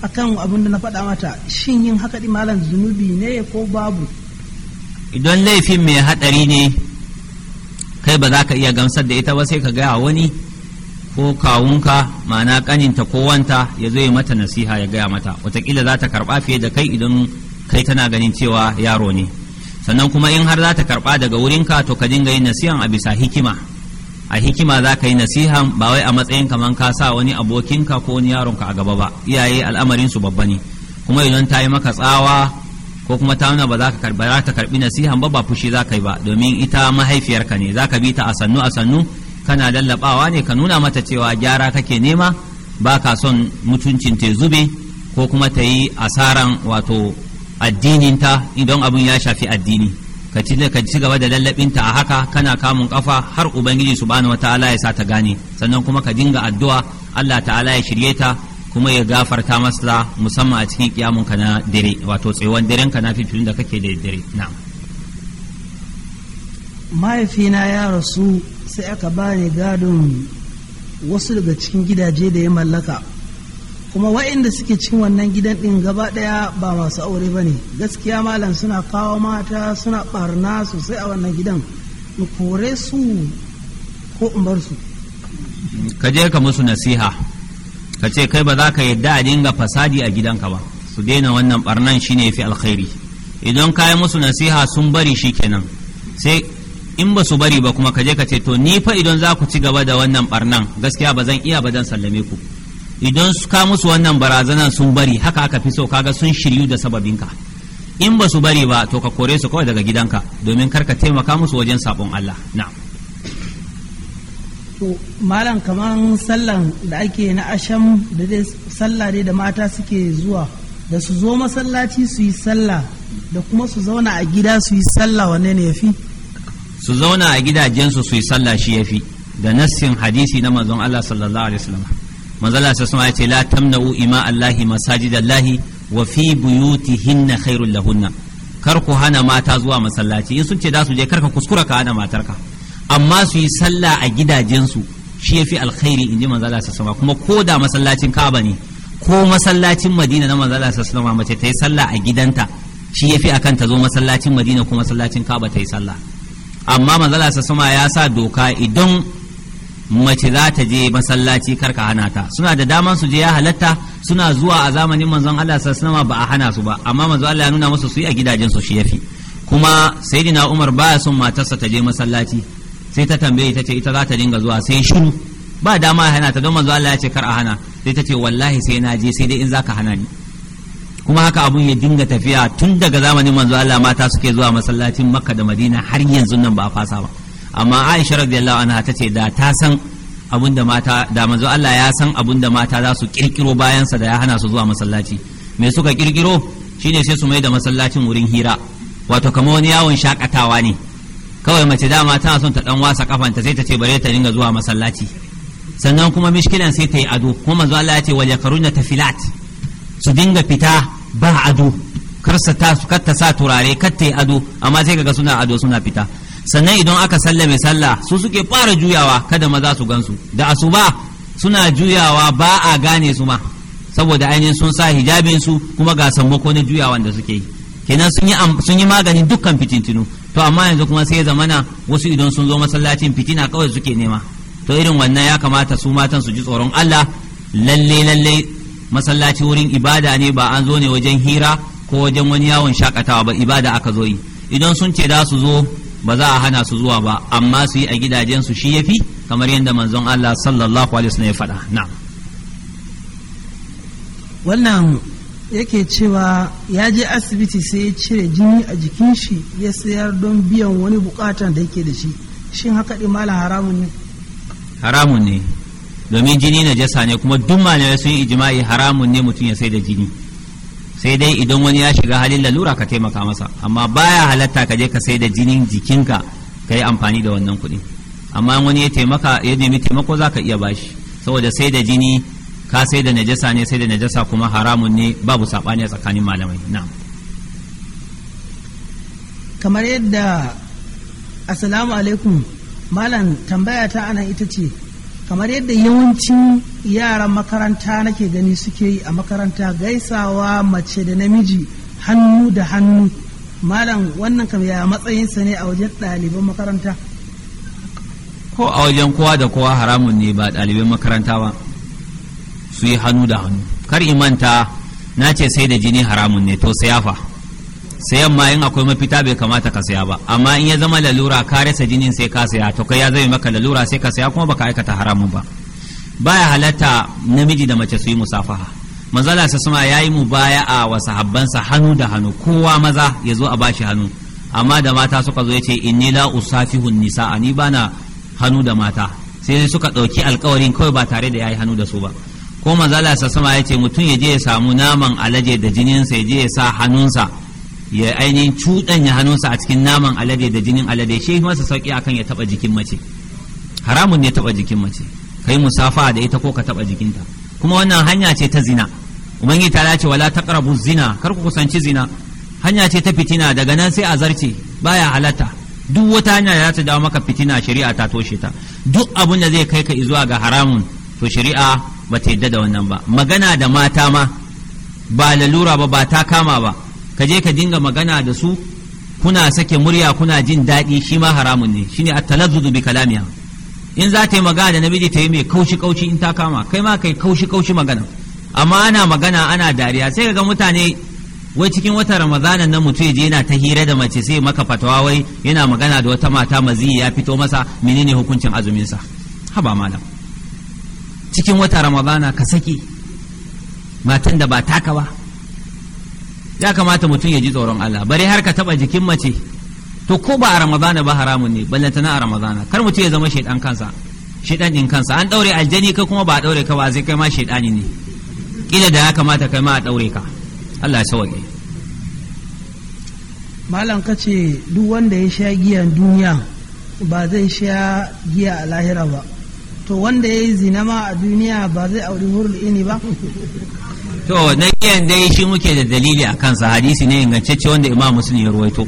Speaker 3: akan abin da na faɗa mata shin yin haka ɗi malam zunubi ne ko babu
Speaker 2: idan laifin mai haɗari ne kai ba za ka iya gamsar da ita ba sai ka gaya wani ko kawunka ma'ana ƙaninta ko wanta ya zo mata nasiha ya gaya mata watakila za ta karɓa fiye da kai idan kai tana ganin cewa yaro ne sannan kuma in har za ta karɓa daga wurinka to ka dinga yin nasihan a bisa hikima a hikima za ka yi nasiha ba wai a matsayin kaman ka sa wani abokinka ko wani yaronka a gaba ba iyaye al'amarin su babba ne kuma idan ta yi maka tsawa ko kuma ta nuna ba za ka karbi ta karbi nasihan ba ba fushi za ka yi ba domin ita mahaifiyarka ne za ka bi ta a sannu a sannu kana lallabawa ne ka nuna mata cewa gyara kake nema ba ka son mutuncin ta zube ko kuma ta yi asaran wato addinin ta idan abin ya shafi addini ka ci ka ci gaba da lallabinta a haka kana kamun kafa har ubangiji subhanahu wataala ya sa ta gane sannan kuma ka dinga addu'a Allah ta'ala ya shirye ta kuma ya gafarta masa musamman a cikin kiyamun ka na dare wato tsayuwan daren ka na fifilin da kake da dare na'am
Speaker 3: mahaifina ya rasu sai aka bani gadon wasu daga cikin gidaje da ya mallaka kuma wa'inda suke cin wannan gidan ɗin gaba ɗaya ba masu aure ba ne gaskiya malam suna kawo mata suna ɓarna sosai a wannan gidan in kore su ko in bar su ka
Speaker 2: je ka musu nasiha ka ce kai ba za ka yadda a dinga fasadi a gidanka ba su daina wannan barnan shine fi alkhairi idan ka yi musu nasiha sun bari shi kenan sai in ba su bari ba kuma ka je ka ce to ni fa idan za ku ci gaba da wannan barnan gaskiya ba zan iya ba zan sallame ku idan su ka musu wannan barazana sun bari haka aka fi so kaga sun shiryu da sababinka in ba su bari ba to ka kore su kawai daga gidanka domin kar ka taimaka musu wajen sabon Allah na
Speaker 3: to malam kaman sallan da ake na asham da dai sallah dai da mata suke zuwa da su zo masallaci su yi sallah da kuma su zauna a gida su yi sallah wanne ne yafi
Speaker 2: su zauna a gidajensu su yi sallah shi yafi da nassin hadisi na manzon Allah sallallahu alaihi wasallam manzala sai sama ya ce la tamna'u ima allahi masajidallahi wa fi kairun khairul lahunna kar ku hana mata zuwa masallaci in sun ce za su je karka kuskura ka hana matarka amma su yi sallah a gidajensu shi fi alkhairi inji manzala sai sama kuma ko da masallacin Ka'aba ne ko masallacin Madina na manzala sai sama mace ta yi sallah a gidanta shi yafi akan ta zo masallacin Madina ko masallacin Ka'aba ta yi sallah amma manzala sai sama ya sa doka idan mace za ta je masallaci karka hana ta suna da daman su je ya halatta suna zuwa a zamanin manzon Allah sallallahu ba a hana su ba amma manzon Allah ya nuna musu su yi a gidajen su shi yafi kuma sayyidina Umar baya son matarsa ta je masallaci sai ta tambaye ta ce ita za ta dinga zuwa sai shiru ba dama hana ta don manzon Allah ya ce kar a hana sai ta ce wallahi sai na je sai dai in zaka hana ni kuma haka abun ya dinga tafiya tun daga zamanin manzon Allah mata suke zuwa masallacin Makka da Madina har yanzu nan ba a fasa ba amma aisha radiyallahu anha ta ce da ta san da mata da manzo Allah ya san abun da mata za su kirkiro bayan sa da ya hana su zuwa masallaci me suka kirkiro shine sai su mai da masallacin wurin hira wato kamar wani yawon shakatawa ne kawai mace dama tana son ta dan wasa kafanta sai ta ce bare ta dinga zuwa masallaci sannan kuma mishkilan sai ta yi ado kuma manzo Allah ya ce wal yakaruna tafilat su dinga fita ba ado karsa ta su katta sa turare katta yi ado amma sai kaga suna ado suna fita sannan idan aka sallame sallah su suke fara juyawa kada maza su gansu da asuba suna juyawa ba a gane su ma saboda ainihin sun sa hijabin su kuma ga sammako na juyawan da suke yi kenan sun yi sun maganin dukkan fitintinu to amma yanzu kuma sai zamana wasu idan sun zo masallacin fitina kawai suke nema to irin wannan ya kamata su matan su ji tsoron Allah lalle lalle masallaci wurin ibada ne ba an zo ne wajen hira ko wajen wani yawon shakatawa ba ibada aka zo yi idan sun ce za su zo ba za a hana su zuwa ba amma su yi a gidajensu shi yafi kamar yadda manzon Allah sallallahu alaihi wasallam ya faɗa na
Speaker 3: wannan yake cewa ya je asibiti sai ya cire jini a jikin shi ya sayar don biyan wani bukatan da yake da shi shin haka din malam haramun ne
Speaker 2: haramun ne domin jini na jasa ne kuma duk malamai sun yi ijma'i haramun ne mutum ya sayar da jini sai dai idan wani ya shiga halin lalura ka taimaka masa amma baya halatta ka je ka sai da jinin jikinka ka yi amfani da wannan kuɗi amma wani ya taimaka ya nemi taimako za ka iya bashi saboda sai da jini ka sai da najasa ne sai da najasa kuma haramun ne babu saɓani a tsakanin malamai na'am
Speaker 3: kamar yadda assalamu alaikum malam tambaya ta anan ita ce kamar yadda yawancin yaran makaranta nake gani suke yi a makaranta gaisawa mace da namiji hannu da hannu malam wannan kam ya matsayinsa ne a wajen ɗaliban makaranta
Speaker 2: ko a wajen kowa da kowa haramun ne ba ɗaliban makaranta ba su yi hannu da hannu kar imanta na ce sai da jini haramun ne to sai ya fa. sayan ma in akwai mafita bai kamata ka saya ba amma in ya zama lalura ka rasa jinin sai ka saya to kai ya zai maka lalura sai ka saya kuma baka aikata haramun ba baya halatta namiji da mace su yi musafaha manzala sa suma yayi mu baya a wa sahabbansa hannu da hannu kowa maza ya zo a bashi hannu amma da mata suka zo yace inni la usafihu nisa ani bana hannu da mata sai suka ɗauki alkawarin kawai ba tare da yayi hannu da su ba ko manzala sa suma yace mutum ya je ya samu naman alaje da jininsa ya je ya sa hannunsa ya ainihin cuɗanya hannunsa a cikin naman alade da jinin alade shi masa sauƙi akan ya taɓa jikin mace haramun ne taɓa jikin mace kai musafa da ita ko ka taɓa jikinta kuma wannan hanya ce ta zina ubangiji ta ce wala taqrabu zina kar ku kusanci zina hanya ce ta fitina daga nan sai a zarce baya halatta duk wata hanya da za ta dawo maka fitina shari'a ta toshe ta duk abin da zai kai ka zuwa ga haramun to shari'a ba ta yadda da wannan ba magana da mata ma ba lalura ba ba ta kama ba ka je ka dinga magana da su kuna sake murya kuna jin daɗi shi ma haramun ne shine at-talazzuzu bi kalamiha in za ta yi magana da namiji ta yi mai kaushi kaushi in ta kama kai ma kai kaushi kaushi magana amma ana magana ana dariya sai ga mutane wai cikin wata ramadanan nan mutum je yana ta hira da mace sai maka fatawa wai yana magana da wata mata mazi ya fito masa menene hukuncin azumin sa haba malam cikin wata ramadana ka saki matan da ba taka ba ya kamata mutum ya ji tsoron Allah bare har ka taba jikin mace to ko ba a ramadana ba haramun ne ballantana a ramadana kar mutum ya zama shaidan kansa shaidan din kansa an daure aljani ka kuma ba a daure ka ba zai kai ma shaidani ne kila da ya kamata kai ma a daure ka Allah ya sauke
Speaker 3: malam kace duk wanda ya sha giyan duniya ba zai sha giya a lahira ba to wanda ya yi zinama a duniya ba zai auri hurul ini ba
Speaker 2: to na kiyan dai shi muke da dalili a kansa hadisi ne ingantacce wanda imam muslim ya ruwaito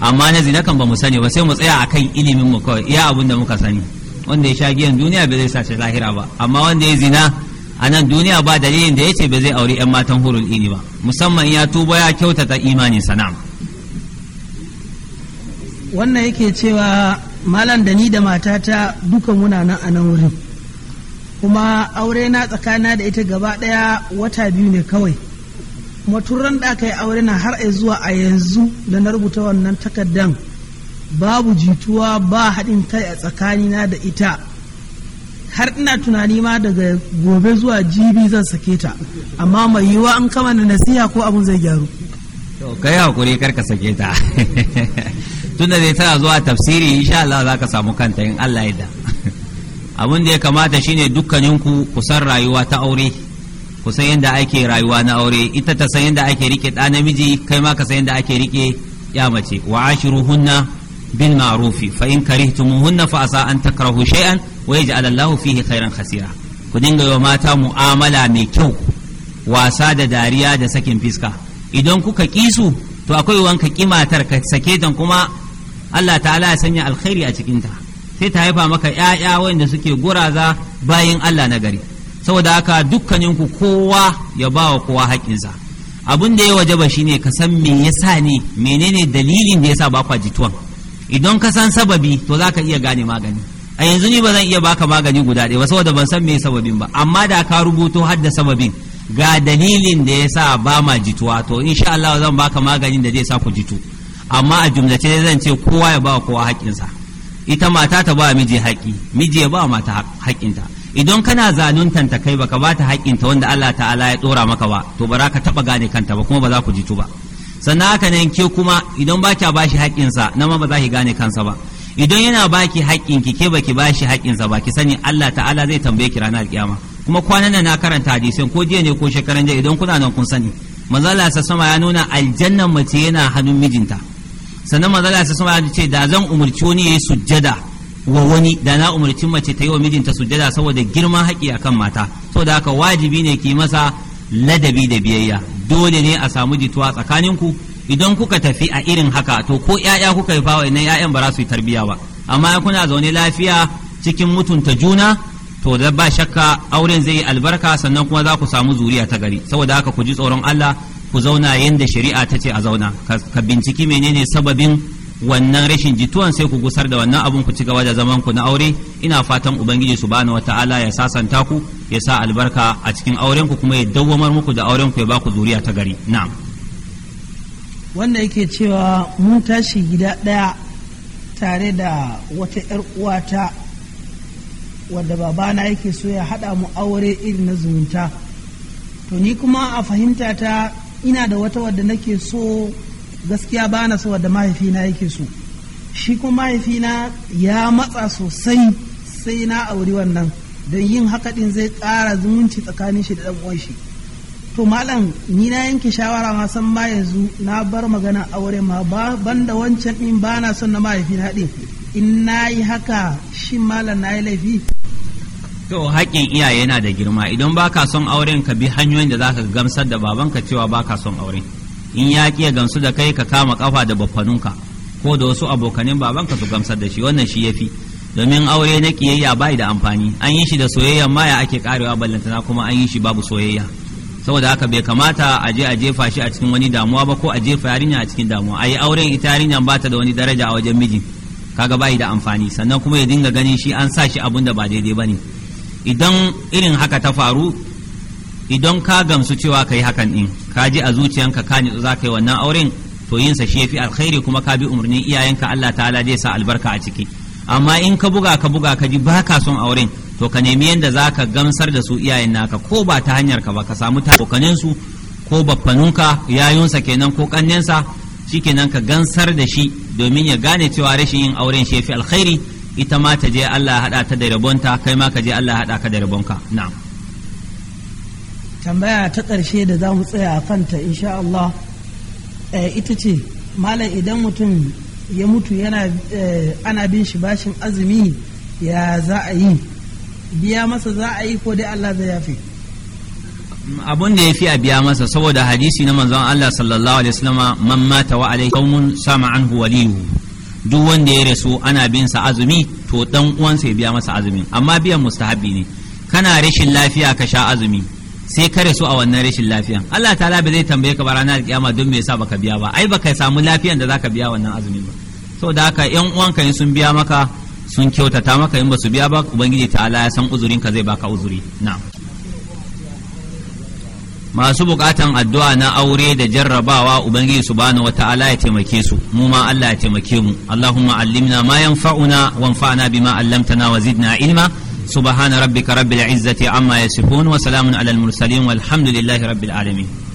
Speaker 2: amma na zina kan ba mu sani ba sai mu tsaya akan ilimin mu kawai iya abin da muka sani wanda ya sha giyan duniya bai zai sace lahira ba amma wanda ya zina a nan duniya ba dalilin da ya ce bai zai auri yan matan hurul ini ba musamman ya tuba ya kyautata imani sana'a.
Speaker 3: wannan yake cewa malam da ni da matata duka muna nan a nan wurin kuma aure na tsakana da ita gaba daya wata biyu ne kawai kuma turan da aka yi aure na har a zuwa a yanzu da na rubuta wannan takardan babu jituwa ba haɗin kai a tsakanina da ita har ina tunani ma daga gobe zuwa jibi zan sake ta amma mai yiwuwa an kama na nasiha ko abun zai gyaru
Speaker 2: ka yi hakuri kar ka sake ta tunda zai tana zuwa tafsiri insha Allah za ka samu kanta in Allah ya da abin da ya kamata shine dukkaninku ku san rayuwa ta aure ku san yadda ake rayuwa na aure ita ta san yadda ake rike ɗa namiji kai ma ka san yadda ake rike ya mace wa ashiruhunna bil ma'rufi fa in karihtumuhunna fa asa an takrahu shay'an wa yaj'al Allahu fihi khairan khasira ku dinga yi wa mata mu'amala mai kyau wasa da dariya da sakin fiska idan kuka kisu to akwai wanka kimatar ka sake ta kuma Allah ta'ala ya sanya alkhairi a cikinta sai ta haifa maka ‘ya'ya wanda suke guraza bayan Allah na gari saboda haka dukkaninku kowa ya ba wa kowa haƙinsa abin da ya wajaba ne ka san me ya sa ne menene dalilin da yasa sa bakwa jituwan idan ka san sababi to za ka iya gane magani a yanzu ni ba zan iya baka magani guda ɗaya ba saboda ban san me sababin ba amma da ka rubuto har da sababin ga dalilin da yasa ba ma jituwa to insha Allah zan baka maganin da zai sa ku jitu amma a jumlace zan ce kowa ya ba kowa haƙƙinsa ita mata ta ba miji haƙi miji ya ba mata haƙinta idan kana zanun ta kai baka ba ta haƙinta wanda Allah ta'ala ya dora maka ba to bara ka taɓa gane kanta ba kuma ba za ku jitu ba sannan haka nan ke kuma idan ba kya bashi haƙinsa na ma ba za ki gane kansa ba idan yana baki ki ke baki bashi haƙƙinsa ba ki sani Allah ta'ala zai tambaye ki ranar kiyama kuma kwanan nan na karanta hadisin ko jiya ne ko shekaran jiya idan kuna nan kun sani manzo Allah sama ya nuna aljannan mace yana hannun mijinta sannan manzala sai sama ce da zan umarci wani yayi sujjada wa wani da na umarci mace ta yi wa mijinta sujjada saboda girman haƙi akan mata saboda haka wajibi ne ki masa ladabi da biyayya dole ne a samu jituwa tsakaninku idan kuka tafi a irin haka to ko ƴaƴa kuka yi fawa idan ƴaƴan ba za su yi tarbiyya ba amma kuna zaune lafiya cikin mutunta juna to da ba shakka auren zai yi albarka sannan kuma za ku samu zuriya ta gari saboda haka ku ji tsoron Allah ku zauna yadda shari'a ta ce a zauna ka binciki menene sababin wannan rashin jituwan sai ku gusar da wannan abun ku ci gaba da zaman ku na aure ina fatan ubangiji subhanahu wataala ya sasanta ku ya sa albarka a cikin auren ku kuma ya dawwamar muku da auren ku ya ku zuriya ta gari na'am
Speaker 3: wanda yake cewa mun tashi gida daya tare da wata yar uwata wadda babana yake so ya hada mu aure irin na zumunta to ni kuma a fahimta ta ina da wata wadda nake so gaskiya ba na so wadda mahaifina yake so shi kuma mahaifina ya matsa sosai sai na auri wannan don yin haka din zai ƙara zumunci tsakanin shi da ɗan uwan shi to malam ni na yanke shawara ma san ma yanzu na bar magana aure ma ba banda wancan din ba na son na mahaifina din in na yi haka shin malam na yi laifi
Speaker 2: to haƙƙin iyaye yana da girma idan baka son auren ka bi hanyoyin da zaka gamsar da babanka cewa baka son auren in ya ƙi gamsu da kai ka kama kafa da baffanunka ko da wasu abokanin babanka su gamsar da shi wannan shi fi. domin aure na ƙiyayya ba da amfani an yi shi da soyayya ma ya ake karewa ballantana kuma an yi shi babu soyayya saboda haka bai kamata a je a jefa shi a cikin wani damuwa ba ko a jefa yarinya a cikin damuwa ayi auren ita yarinyan ba ta da wani daraja a wajen miji kaga bai da amfani sannan kuma ya dinga ganin shi an sa shi abun da ba daidai ba ne idan irin haka ta faru idan ka gamsu cewa ka yi hakan din ka ji a zuciyanka ka nitsu za ka yi wannan auren to yinsa shi ya fi alkhairi kuma ka bi umarnin iyayenka Allah ta'ala zai sa albarka a ciki amma in ka buga ka buga ka ji baka son auren to ka nemi yanda za ka gamsar da su iyayen naka ko ba ta hanyar ka ba ka samu ta su ko baffanunka yayunsa kenan ko kannensa shikenan ka gansar da shi domin ya gane cewa rashin yin auren shi ya fi alkhairi ita ma ta je Allah ya haɗa ta da rabonta kai ma ka je Allah ya haɗa ka da rabonka na'am
Speaker 3: tambaya ta ƙarshe da za mu tsaya a kanta insha Allah eh, ita ce malam idan mutum ya mutu yana eh, ana bin shi bashin azumi ya za a yi biya masa za a yi ko dai Allah zai yafe
Speaker 2: abun da ya fi a biya masa saboda hadisi na manzon Allah sallallahu alaihi wasallama man mata wa alaihi qaumun sama anhu waliyuhu duk wanda ya rasu ana bin sa azumi to dan uwansa ya biya masa azumin amma biyan mustahabi ne kana rashin lafiya ka sha azumi sai ka rasu a wannan rashin lafiyan Allah ta'ala ba zai tambaye ka ba ranar kiyama don me yasa baka biya ba ai baka samu lafiyan da zaka biya wannan azumin ba saboda haka yan uwanka in sun biya maka sun kyautata maka in ba su biya ba ubangiji ta'ala ya san uzurin ka zai baka uzuri na'am masu bukatan addu'a na aure da jarrabawa ubangiji subhanahu wata'ala ya taimake su mu ma Allah ya taimake mu Allahumma allimna ma yanfa'una wanfa'na bima 'allamtana wa zidna ilma subhana rabbika rabbil izzati amma yasifun wa salamun alal mursalin walhamdulillahi rabbil alamin